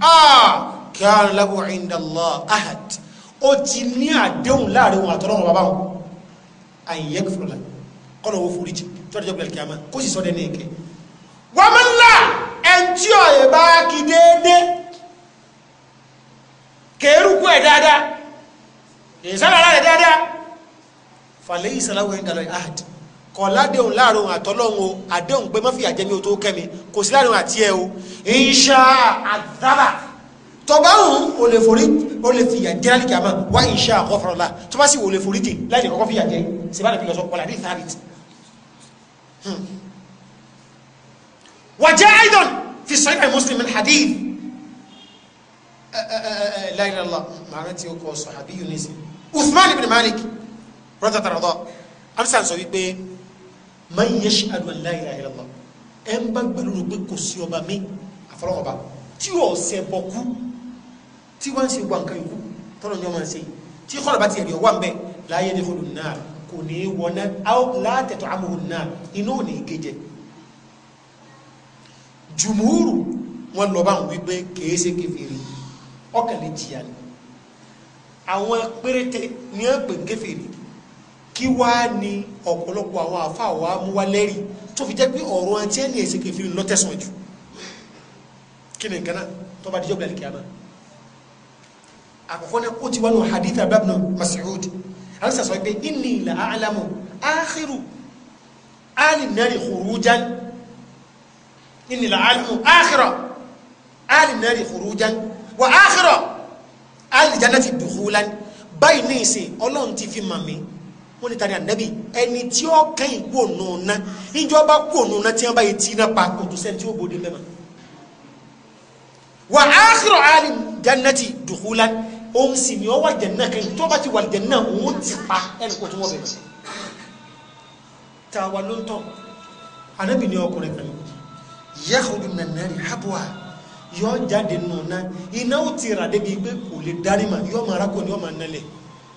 ah, kan lahu inda Allah ahad o ti ní àdéhùn láàrin wọn àtọ́lọ́wọ́n bàbá wọn àyè fúnra kọ́nà owó foríjì tọ́jú ọgbẹ̀rẹ̀ kí a máa kó sì sọ dẹ́ni ìkẹ́ wọ́n mú ńlá ẹn tí ọ̀yẹ̀ bá kí déédéé kẹ́rù kú ìsára rẹ̀ dáadáa fàlẹ́ ìsàláwò ẹ̀ ń dalọ́ ahad kọ̀ ládéhùn láàrin òun àtọ́lọ́hún o àdéhùn pé mọ́fì àjẹmí o tó kẹ́mi kò sí láàrin òun àti ẹ o ìṣá àdábà tọba òun ò lè forí ò lè fìyà jẹ láti kìámà wá ìṣá àkọfọlọlá tó bá sì wò lè forí jì láti kọ́kọ́ fìyà jẹ sèbáàlì fi lọ sọ pọlá ní thabit. Hmm. wàjẹ́ aidan fi sahih al-Muslim hadith eh, eh, eh, la ilaha màá rántí o kọ sọ àbí yunisi. Uthman ibn Malik rọ́tà tàràdọ́ amsa sọ wípé man yashhadu an la ilaha illallah ẹ̀ ń bá gbẹ̀lú pé kò sí ọba mi àfọlọ́ọba tí ò ṣẹ̀ bọ̀ kú tí wọ́n ń ṣe wà nǹkan ikú tọ́lọ̀ ní ọmọ ṣe tí kọ́lọ̀ bá ti ẹ̀rí ọwọ́ mbẹ́ láyé ní fọlù náà kò ní í wọ́n náà látẹ̀tọ̀ amòhùn náà inú ò ní í gé jẹ. jùmúùrù wọn lọ bá ń wí pé ọkàn lè jìyà ni àwọn péréte ní àpè kèfèrí kí wá ní ọ̀pọ̀lọpọ̀ àwọn àfáà wa mú wá lẹ́rìí tó fi jẹ́ pé ọ̀rọ̀ ẹni tí ẹni èsì kèfèrí lọ tẹ̀sán jù kí ni nǹkan náà tó bá dijọ́ gbàlẹ̀ kíámà àkọ́kọ́ náà ó ti wá nù hadith abdul Mas'ud àwọn sàṣọ pé inni la a'lamu akhiru ali nari khurujan inni la a'lamu akhira ali nari khurujan wa akhira alijannati dukhulan báyìí ní ìsìn ọlọ́run ti fi mà mí wọ́n ní tani ànábì ẹni tí ó kẹ́ ìkú ònú ná ìjọba kú ònú ná tí wọ́n báyìí tí iná pa kòtò sẹ́ni tí ó bòde mẹ́ma. wà á kúrò àlì jannati òun sì ni ọ wà jẹ̀nà kẹ́yìn tó bá ti wà jẹ̀nà òun ti pa ẹni kò tó wọ́n bẹ̀rẹ̀. tàwa ló ń tọ̀ ànábì ni ọkùnrin kan yẹ́kùn nínú nàìjíríà yọ jáde nù náà iná ó ti rà débi pé kò lè darí mà yọ máa rákò ní ọmọ nálẹ̀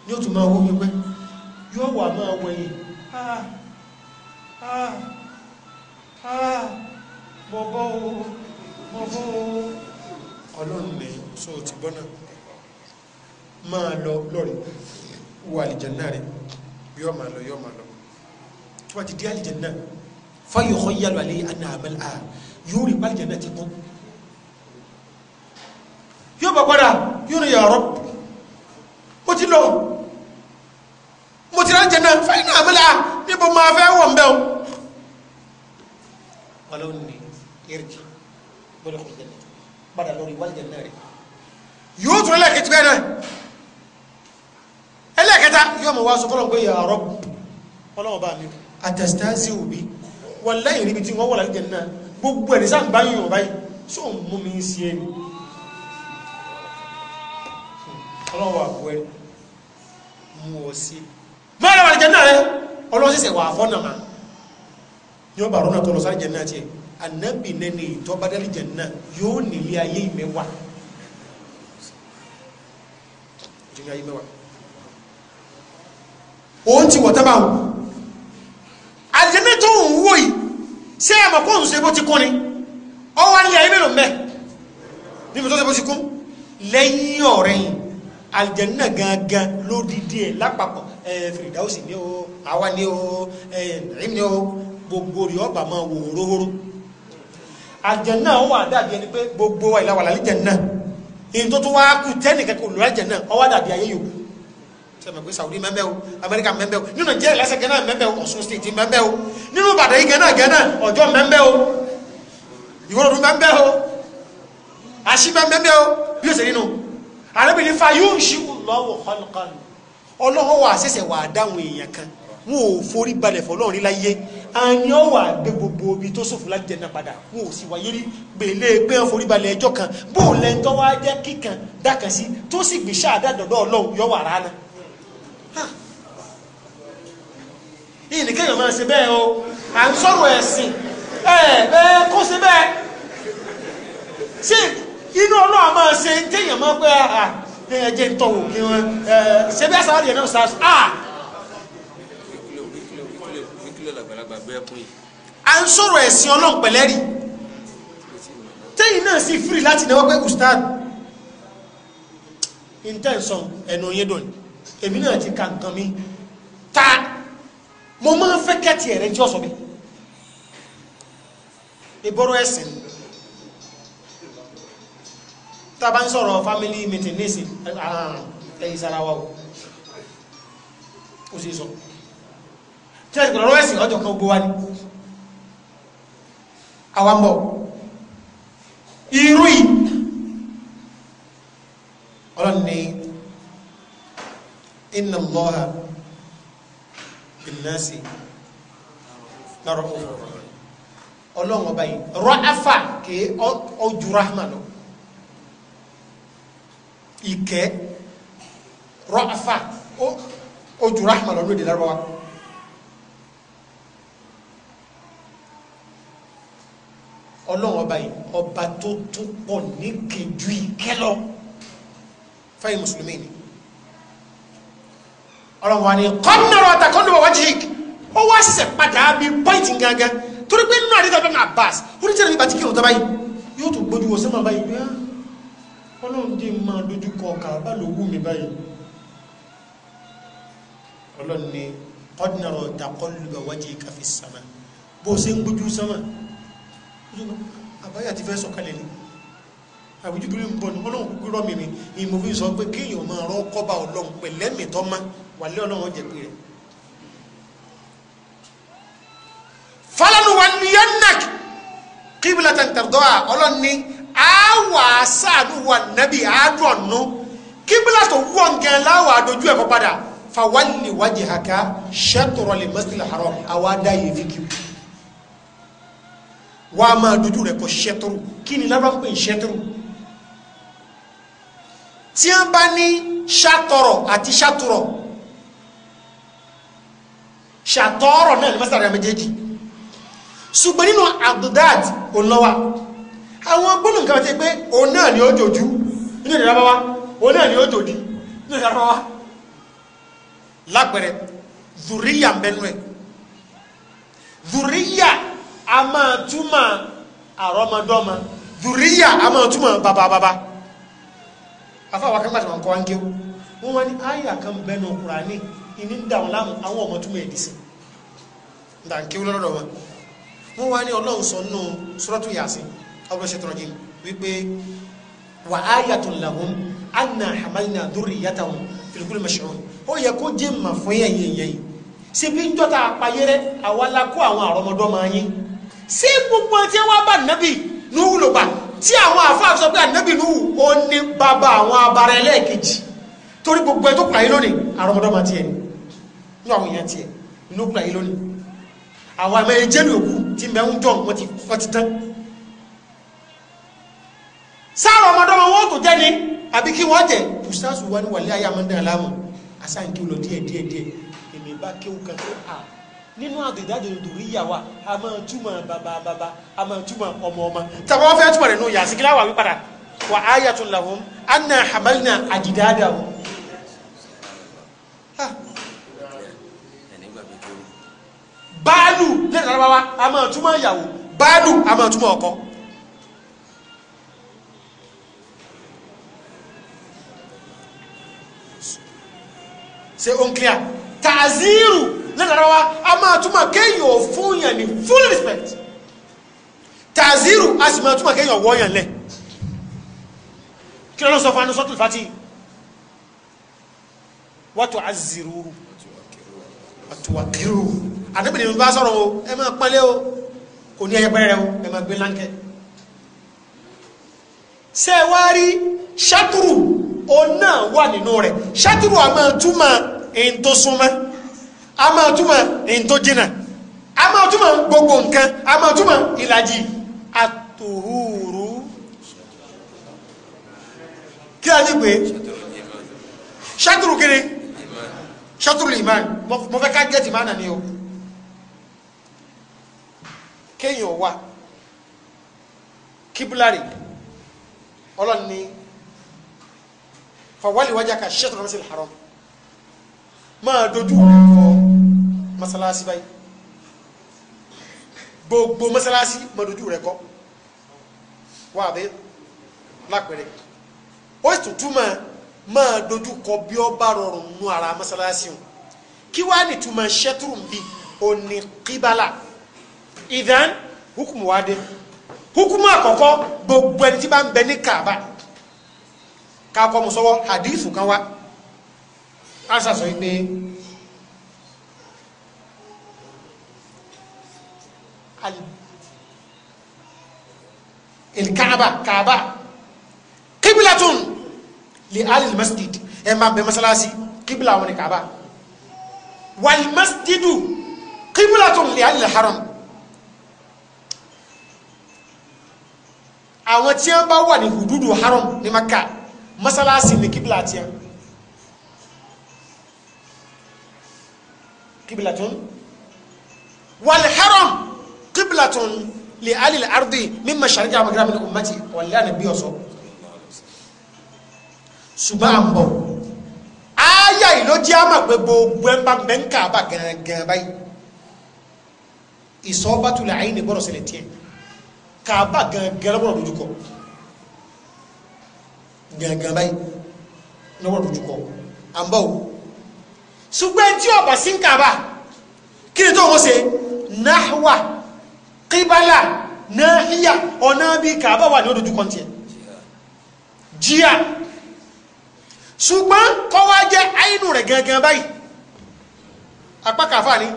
ní o tún máa wó wípé yọ wà máa wẹ̀yìn ah ah ah bọ̀bọ̀ o bọ̀bọ̀ o ọlọ́run lẹ̀ sọ ti bọ́nà máa lọ lọ́rẹ̀ wà àlìjẹ̀nà rẹ̀ yọ máa lọ yọ máa lọ tó bá ti dé àlìjẹ̀nà fáyọ̀ kọ́ yálò àlẹ́ àná àmàlà yóò rí pálíjẹ̀nà ti kún yóò bọ̀ padà yóò ní yàrá ó ti lọ mo ti ránjẹ náà fẹ́ náà mi la níbo máa fẹ́ wọ̀ mbẹ́ o. ọlọ́run ní irji bọ́lá kò jẹ́lẹ̀ padà lórí wájú náà rẹ̀ yóò tún ẹlẹ́kẹ̀tì bẹ́ẹ̀ náà ẹlẹ́kẹta yóò mọ̀ wá sọ fọlọ́n pé yàrá ọlọ́run bá mi àtẹ̀sítẹ́sì òbí wọ́n lẹ́yìn níbi tí wọ́n wọ̀ lálẹ́ jẹ́ náà gbogbo ẹ̀ ní sáà ń bá yín ọ̀ báyìí sóun mú mi ọlọ́run wà bú ẹrù mú ọ sí máa lọ àrìjẹ náà rẹ ọlọ́run sì sẹ̀wà àfọ́nà máa ní ọba àrùn náà tó lọ sáré jẹ náà tiẹ̀ ànábì nẹni ìtọ́ bádálì jẹ náà yóò nílé ayé ìmẹ́wà jùlọ ayé mẹ́wà òun ti wọ̀ tábà wọn àrìjẹ tó ń wò yìí ṣé ẹ mọ̀ kó ṣe bó ti kún ni ọwọ́ nílé ayé mélòó mẹ́ níbi tó ṣe bó ti kún lẹ́yìn ọ̀rẹ́yìn aljanna gangan lódìdí ẹ̀ lápapọ̀ fìrìdáwùsì ni ó àwa ni ó ẹ̀yìn ni ó gbogbo rí ọba máa wò hóróhóró aljanna ó wà dàbí ẹni pé gbogbo wa ìlàwà láljanna èyí tó tún wá kù tẹ́nìkan kò lọ aljanna ó wà dàbí ayé yòókù sọmọ pé Saudi mẹ́mbẹ́ o Amẹ́ríkà mẹ́mbẹ́ o nínú jẹ́ ìlẹ́sẹ̀ gánà mẹ́mbẹ́ o Ọ̀ṣun stéètì mẹ́mbẹ́ o nínú bàdàyí gánà gánà ọjọ́ mẹ́mbẹ́ o ìwọ́rọ̀dún mẹ́mbẹ́ o àṣì mẹ́mbẹ́ o bí ó ṣe nínú àrẹ́bìnrin fa yóò ṣí lọ́wọ́ kọ́lùkọ́lù ọlọ́wọ́ wà sẹ̀sẹ̀ wà dáhùn èèyàn kan wọn ò forí balẹ̀ fọlọ́run rí láyé àní ọ wà gbé gbogbo ibi tó ṣòfò láti jẹun náà padà wọn ò sì wáyé rí gbèlè e pé wọn forí balẹ̀ ẹjọ́ kan bó o lẹ́ ń tọ́ wáá jẹ́ kíkan dákan sí tó sì gbé ṣáàdá dọ̀dọ̀ ọlọ́run yọ wà rárá. ìní kéèyàn máa ṣe bẹ́ẹ̀ o à ń sọ̀rọ̀ ẹ̀sìn ẹ̀ bẹ́ẹ̀ kó ṣe bẹ́ẹ̀ sí inú ọlọ́wà máa ṣe ń téèyàn máa pẹ́ à ah, ah, ẹ jẹ́ ń tọ̀ wò kí wọ́n ṣe bí àṣà àdìyẹ náà ṣáṣù à. Ah. à ń sọ̀rọ̀ ẹ̀sìn ọlọ́run pẹ̀lẹ́rì téèyàn náà sì firi láti náwó pé ustad intention ẹnu yẹn dùn èmi náà ti ka nǹkan mi ta mo máa ń fẹ́ kẹ́tì ẹ̀rẹ́ tí ó sọ mi ìbọ̀rọ̀ ẹ̀sìn ni tàbá ń sọ̀rọ̀ family meeting nísì ẹ̀yìn sára wa ó sì sọ tí ẹ̀sìn lọ́rọ̀ ẹ̀sìn ọjọ́ kan gbówá ní àwambọ̀ irú yìí ọlọ́run ni inna Allaha ìnáṣì lọ́rọ̀ ọlọ́run ọba yìí rọ́ afá kìí ojú ìkẹ́ rọ́fà ojú rahma lọ́nà èdè lárọ́wá ọlọ́run ọba yìí ọba tó tó pọ̀ ní kẹjú ìkẹ́ lọ fẹ́yìn mùsùlùmí ni ọlọ́run wa ni kọ́nàrọ̀ àtàkọ́nàrọ̀ wájú yìí ó wá sẹ̀ padà bí pọ́ìntì gángan torí pé nínú àdéhùn abẹ́mọ̀ Abbas ó ní jẹ́rìí bàtíkì òun tó báyìí yóò tó gbójú wọ́n sí mọ̀ báyìí ọlọ́run dé máa dojú kọ kàábà ló wù mí báyìí ọlọ́run ni ọdínàrọ̀ taqalluba wajhika fi sama bó ṣe ń gbójú sama àbáyà ti fẹ́ sọ̀kalẹ̀ ni àwùjú bí n bọ̀ ní ọlọ́run kúkú rọ́ mi mi ìmòfin sọ pé kéèyàn máa rọ́ kọ́ba ọlọ́run pẹ̀lẹ́mìtọ́ má wàlẹ́ ọlọ́run jẹ̀ pé rẹ̀ falanuwanniyannak qiblatan tardoa ọlọ́run ní àwọ̀ àṣàánú wà nábì àádọ́ nù kíbílà tó wọ̀ nǹkan láwọ̀ àdójú ẹ̀kọ́ padà fawalli wajhaka shatr al masjid al haram àwa dá yìí fi kí wàá máa dojú rẹ̀ kọ́ shatr kí ni lábàá pè ní shatr tí wọ́n bá ní ṣàtọ̀rọ̀ àti ṣàtúrọ̀ ṣàtọ̀rọ̀ náà ní masara méjèèjì ṣùgbọ́n nínú abdulgad olówà àwọn gbónú nǹkan tí pé òun náà ni ó jòjú ní ìdíra bá wá òun náà ni ó jòdí ní ìdíra bá wá lápẹẹrẹ zùríyà mbẹnu ẹ zùríyà a máa túmọ̀ àrọmọdọ́mọ zùríyà a máa túmọ̀ bàbàbàbà afáwọn akẹ́kọ̀ọ́ àti wọn kọ́ ángẹ́ wọn wá ní àyà kan bẹnu Kùránì ìní ń dàwọn láàmú àwọn ọmọ túmọ̀ ndàǹkẹ́ wọn lọ́dọ̀ ọlọ́ṣẹ́tọ́rọ́jì wípé wà á yàtọ̀ làwọn anna hamalna dhurriyatahum fil kulli mash'un ó yẹ kó jẹ́ mà fún yẹn yẹn yẹn ṣe bí ń jọta àpayẹrẹ àwa la kó àwọn àrọmọdọ́mọ yín ṣé gbogbo tí wọ́n bá nàbì Nuhu ló gbà tí àwọn àfáà sọ pé ànábì Nuhu ó ní bàbá àwọn abara ẹlẹ́ẹ̀kejì torí gbogbo ẹ tó kùrà yìí lónìí àrọmọdọ́mọ tiẹ̀ ni àwọn èèyàn tiẹ̀ inú kùrà yìí lónìí àwọn àmọ́ ẹjẹ́ ní òkú tí mẹ́rin jọ̀ wọ́n ti tán sáàrọ̀ ọmọdọ́mọ wọn tó jẹ́ ni àbí kí wọ́n jẹ́ ustaz wa ní wàlẹ́ ayé amanda alamu asáǹkì lọ díẹ̀ díẹ̀ díẹ̀ èmi bá kéwù kan pé a nínú àdìdájọ nítorí ìyàwó a máa túmọ̀ bàbá bàbá a máa túmọ̀ ọmọ ọmọ tàwọn fẹ́ túmọ̀ rẹ̀ nù yà síkírà wà wípadà wà ayatun lahum anna hamalna àdìdájọ. báàlù lẹ́nu àlábáwá a máa túmọ̀ ìyàwó báàlù a máa túmọ̀ ọkọ. ṣe ó ń clear tàzírù lẹ́nàrà wa a máa túmọ̀ kéèyàn fún yàn ní full respect Taziru a sì máa túmọ̀ kéèyàn wọ́ yàn lẹ̀ kí ló ń sọ fún anusọ́tò fati wàtò aziru, wàtò àkírù àdébìnrin mi bá sọ̀rọ̀ o ẹ máa pọ́nlé o kò ní ẹyẹ pẹ́rẹ́ o ẹ máa gbé láńkẹ́ ṣé wàá òun náà wà nínú rẹ̀ ṣátìrù a máa túmọ̀ èyí tó súnmọ́ a máa túmọ̀ èyí tó jìnà a máa túmọ̀ gbogbo nǹkan a máa túmọ̀ ìlàjì àtòhúrú kí a ní pé ṣátìrù kiri ṣátìrù ìmáà mo fẹ́ ká gẹ́tì máa nà ní o kéèyàn wà kíbúlárì ọlọ́ni fawali wajaka ṣẹ́tọ̀ lọ́sẹ̀ haram máa dojú ẹ̀kọ́ masalasi báyìí gbogbo masalasi máa dojú rẹ̀ kọ́ wà á bẹ lápẹ̀rẹ̀ ó sì túmọ̀ máa dojú kọ bí ó bá rọrùn nú ara masalasi o kí wàá nìtumọ̀ ṣẹ́tùrù bíi òní kíbalà ìdán hukumu wáde hukumu àkọ́kọ́ gbogbo ẹni tí bá ń bẹ ní kaaba kakọ́ mu sọ́wọ́ hadithu kan wá ásà sọ pé ìlkàbà kàbà kíbìlàtún lè alìl masjid ẹ máa bẹ masalasi kíbìlà wọn ni kàbà wal masjidu kíbìlàtún lè alìl haram àwọn tí wọ́n bá wà ní hududu haram ní maka mọ́sálásí ni kíbìlà tiẹ̀ kíbìlà tún wàlẹ̀ haram kíbìlà tún lè alìlè ardi mímọ̀ sàríkà àmàgírà mi ní ummati wàlẹ̀ àná bí ọ̀sọ́ ṣùgbọ́n à ń bọ̀ ááyà yìí ló jẹ́ àmà pé gbogbo ẹ̀ ń bá mẹ́ńkà bá gẹ̀rẹ́gẹ̀rẹ́ báyìí ìsọ́bátulẹ̀ àyìn ní gbọ́dọ̀ ṣẹlẹ̀ tiẹ̀ kàbá gẹ̀rẹ́gẹ̀rẹ́ gbọ́dọ̀ dojúkọ gangan báyìí lọ́wọ́ dojú kọ à ń bọ̀ o ṣùgbọ́n tí ọ̀bà sí ń kàbà kí ni tó ń ṣe náhwà kíbálà náhíyà ọ̀nà bíi kàbà wà ní òdojú kan tiẹ̀ jíà ṣùgbọ́n kọ́ wá jẹ́ àínú rẹ̀ gangan báyìí apá kàfà ni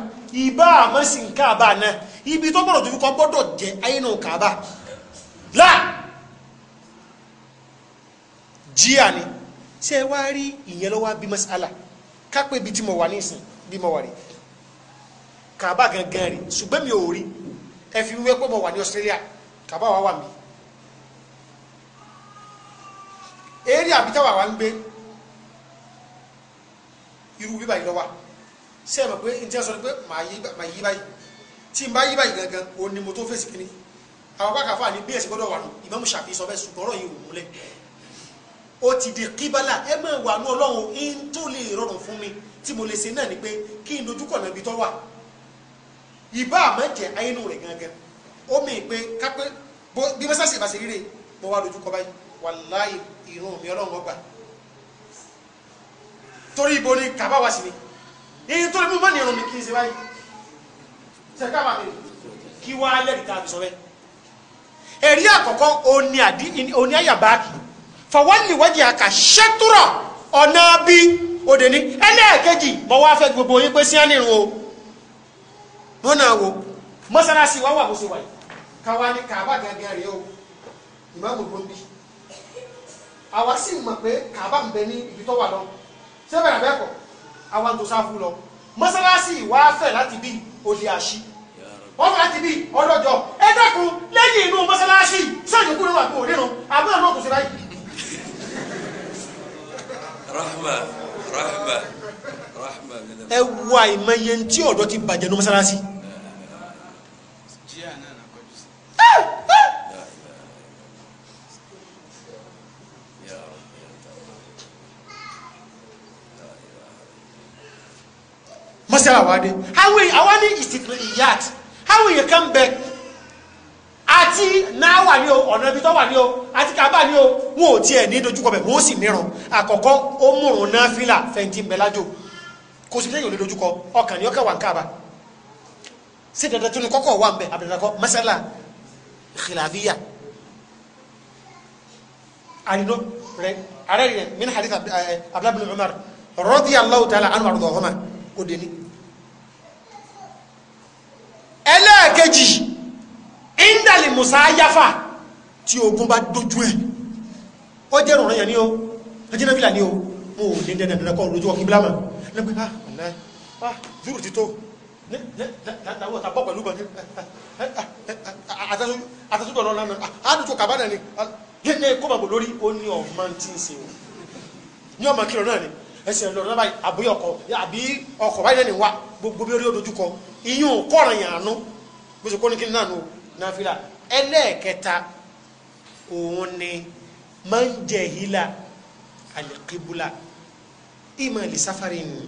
ìbá àmọ́sí ń kàbà náà ibi tó gbọ́dọ̀ dojú kọ gbọ́dọ̀ jẹ́ àínú kàbà láà jíà ni ṣé ẹ wá rí ìyẹn lọ́wọ́ bí masala kápẹ́ ibi tí mo wà nísìn bí mo wà rí kàbá gangan rí ṣùgbọ́n mi ò rí ẹ fi wíwẹ́ pé mo wà ní Australia kàbá wa wà mí. eré àbítáwà wa ń gbé irú bíbá yìí lọ́wọ́ ṣé ẹ mọ̀ pé n tẹ́ sọ pé màá yí báyìí tí n bá yí báyìí gangan òun ni mo tó fèsì kínní àwọn bá kà fún àní bí ẹ̀sìn gbọ́dọ̀ wà nù Imam Shafi'i sọ bẹ́ẹ̀ ṣùgbọ́n ọ̀rọ̀ yìí ò múlẹ̀ ó ti di kíbálà ẹ máa wà ní ọlọ́run in tó lè rọrùn fún mi tí mo lè ṣe náà ni pé kí n dojúkọ̀ náà ibi tó wà ìbá àmọ́ jẹ́ ayélu rẹ̀ gangan ó mi pé kápẹ́ bí mẹ́sàsì ìbáṣe rírè mo wá dojúkọ báyìí wàláì ìrun mi ọlọ́run ọgbà torí ibo ni kàbá wa sí ni èyí tó lè mú mọ́ni ìrun mi kì í ṣe báyìí ṣe káàbà mi kí wá lẹ́rìí tá a fi sọ bẹ́ẹ̀ ẹ̀rí àkọ́kọ́ òní àyàbáàkì fàwọ́nì wájú àkà ṣẹ́túrọ̀ ọ̀nà bí òde ní ẹlẹ́ẹ̀kejì mọ̀ wá fẹ́ gbogbo yín pé síán nírun o wọn náà wo mọ́sálásí wa wà bó ṣe wà yìí káwa ní kàbá gàgà rèé o ìmáàmù gbòǹbì àwa sì mọ̀ pé kàbá ń bẹ ní ibi tó wà lọ sẹ́bẹ̀rẹ̀ abẹ́kọ̀ àwa ń tó sáfù lọ mọ́sálásí wa fẹ̀ láti bí òde àṣì wọ́n fẹ́ láti bí ọlọ́jọ́ ẹ lẹ́yìn inú mọ́sálásí sọ́ọ̀dún kúrò wà pé rahma rahma rahma. ẹ wo àìmọye tí ọ̀dọ́ ti bàjẹ́ ní mọ́sálásí. mọ́sára wa dé àwọn àwọn ní ìsìnkú ìyáàt àwọn èèyàn kan bẹ àti náà wà ní o ọ̀nà ibi tó wà ní o àti kàbá ni o wọn ò tiẹ̀ ní dojúkọ bẹ̀ wọn ó sì nírun àkọ́kọ́ ó múrun náà fílà fẹ́ntì mẹ́lájò kò sì lẹ́yìn olè dojúkọ ọkàn ni ọkàn wà ń kàbá sí dandan tó ní kọ́kọ́ wà ń bẹ̀ àbẹ̀dàkọ́ mẹ́sàlá khilafiyya àdìdó rẹ ààrẹ rẹ min hadith eh, Abdullah bin Umar radiyallahu ta'ala anhu àrùdọ̀ọ́mà ó dé ní ẹlẹ́ẹ̀kejì indali Yafa tí ogun bá dojú ẹ̀ ó jẹ́ ìrọ̀rùn yẹn ní o ajínàbílà ní o mo ò ní dẹ́dẹ̀ dẹ́dẹ́ kọ́ lójú ọkì bílámà nígbà ah ọ̀nà ah zuru ti tó láwọn ọ̀tà bọ́ pẹ̀lú gbọ̀ngẹ́ àtàtúndọ̀ lọ́la náà àdùtò kàbánà ni yéé kó bàbò lórí ó ní ọ̀mọ tí ń se o ní ọmọ kìlọ̀ náà ni ẹsẹ̀ lọ́dọ̀ báyìí àbí ọkọ̀ àbí ọkọ̀ báyìí lẹ́nu wa gbogbo bí orí ojú kọ iyún kọ́ọ̀rọ̀ yàn án nú gbèsè kóníkì náà nù náà òun ni máa ń jẹ hila alikibula ìmọ̀ lè sáfárì nù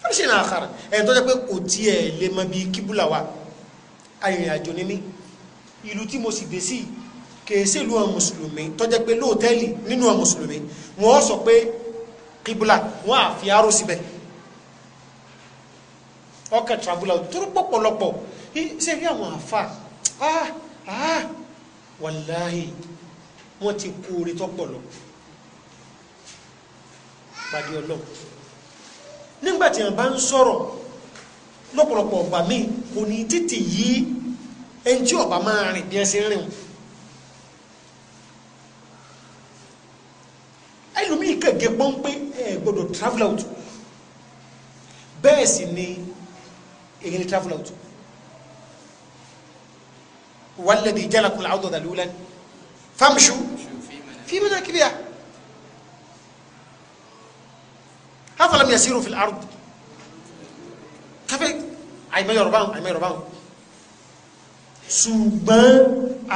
fẹ́rẹ́sì náà àkàrà ẹ̀ tó jẹ́ pé kò tiẹ̀ lè mọ bí kíbula wa arìnrìnàjò ni mí ìlú tí mo sì dé sí kèésì ìlú àwọn mùsùlùmí tó jẹ́ pé lóòtẹ́ẹ̀lì nínú àwọn mùsùlùmí wọ́n sọ pé kíbula wọ́n á fi aró síbẹ̀ ọkẹ́ travula tó rú pọ̀pọ̀lọpọ̀ ṣe rí àwọn àfa ah ah wàláhì wọ́n ti kú orí tọ́pọ̀ lọ pàdé ọlọ́ nígbàtí àwọn bá ń sọ̀rọ̀ lọ́pọ̀lọpọ̀ ọ̀gbà míì kò ní títì yí ẹni tí ọ̀bà máa rìn bí ẹ ṣe ń rìn ẹlòmíì kẹ̀kẹ́ gbọ́n ẹ gbọ́dọ̀ travel out bẹ́ẹ̀ sì ni èyí ni travel out هو الذي جلكم العضد ذلولا فامشوا في مناكبها لم يسيروا في الأرض كيف àìmọ́ yorùbá àìmọ́ yorùbá ṣùgbọ́n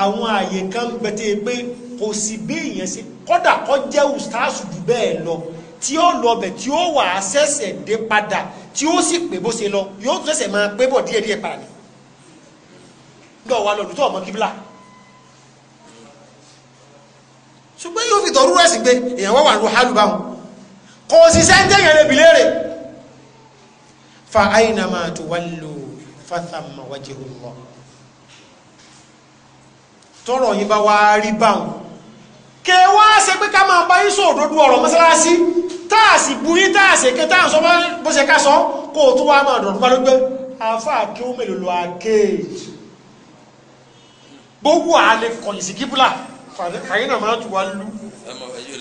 àwọn àyè kan gbẹ̀tẹ̀ pé kò sí bí èèyàn sí kọ́dà kọ́ jẹ́ ustaasu jù bẹ́ẹ̀ lọ tí ó lọ bẹ̀ tí ó wà á ṣẹ̀ṣẹ̀ dé padà tí ó sì pé bó ṣe lọ yóò tún ṣẹ̀ṣẹ̀ máa pé bọ̀ díẹ̀díẹ̀ padà gbọ́ wa lọ́dún tó ọmọ kíbla ṣùgbọ́n yóò fi tọ́rú rẹ̀sì gbé èèyàn wà wà ní hálù báwọn kò sì sẹ́ńtẹ́ yẹn lè bìlérè fa aina ma tuwallu fathamma wajhullah tọrọ yín bá wá rí báwọn kẹ wá ṣe pé ká máa bá yín sọ òdodo ọ̀rọ̀ mọ́sálásí táàsì buyin táàsì ké táàsì ọmọ bó ṣe ká sọ kó o tún wá máa dọ̀rọ̀ pálọ́gbẹ́ àáfàá kí ó mélòó lọ àkéèjì gbogbo àlè kọ̀yìn sí kíbúlà fàyínà máa tù wá lú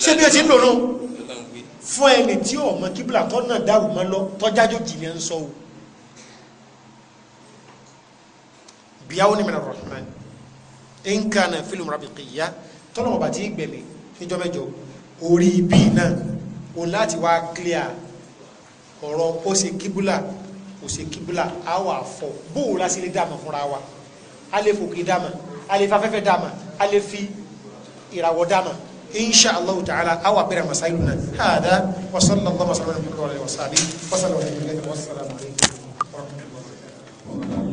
ṣé bí o ti ń lòlò fún ẹni tí ọmọ kíbúlà tó náà dàrú mọ́ lọ tọ́jájú jìnnà ń sọ o bíyàwó ni mìíràn rahman nǹkan náà fílùmù rabiqiyya tọ́lọ̀ ọba tí gbẹ̀mí níjọ́ mẹ́jọ orí ibi náà o láti wá clear ọ̀rọ̀ ó ṣe kíbúlà ó ṣe kibula á wà fọ bóòlá sí lè dààmú fúnra wa á lè fòkè dààmú a lè fa afẹ́fẹ́ dàmà a lè fi ìràwọ̀ dàmà insha allah ta'ala awa bẹ̀rẹ̀ masailu na hada wa sallallahu alaihi wa sallam wa sallam wa sallam wa sallam wa sallam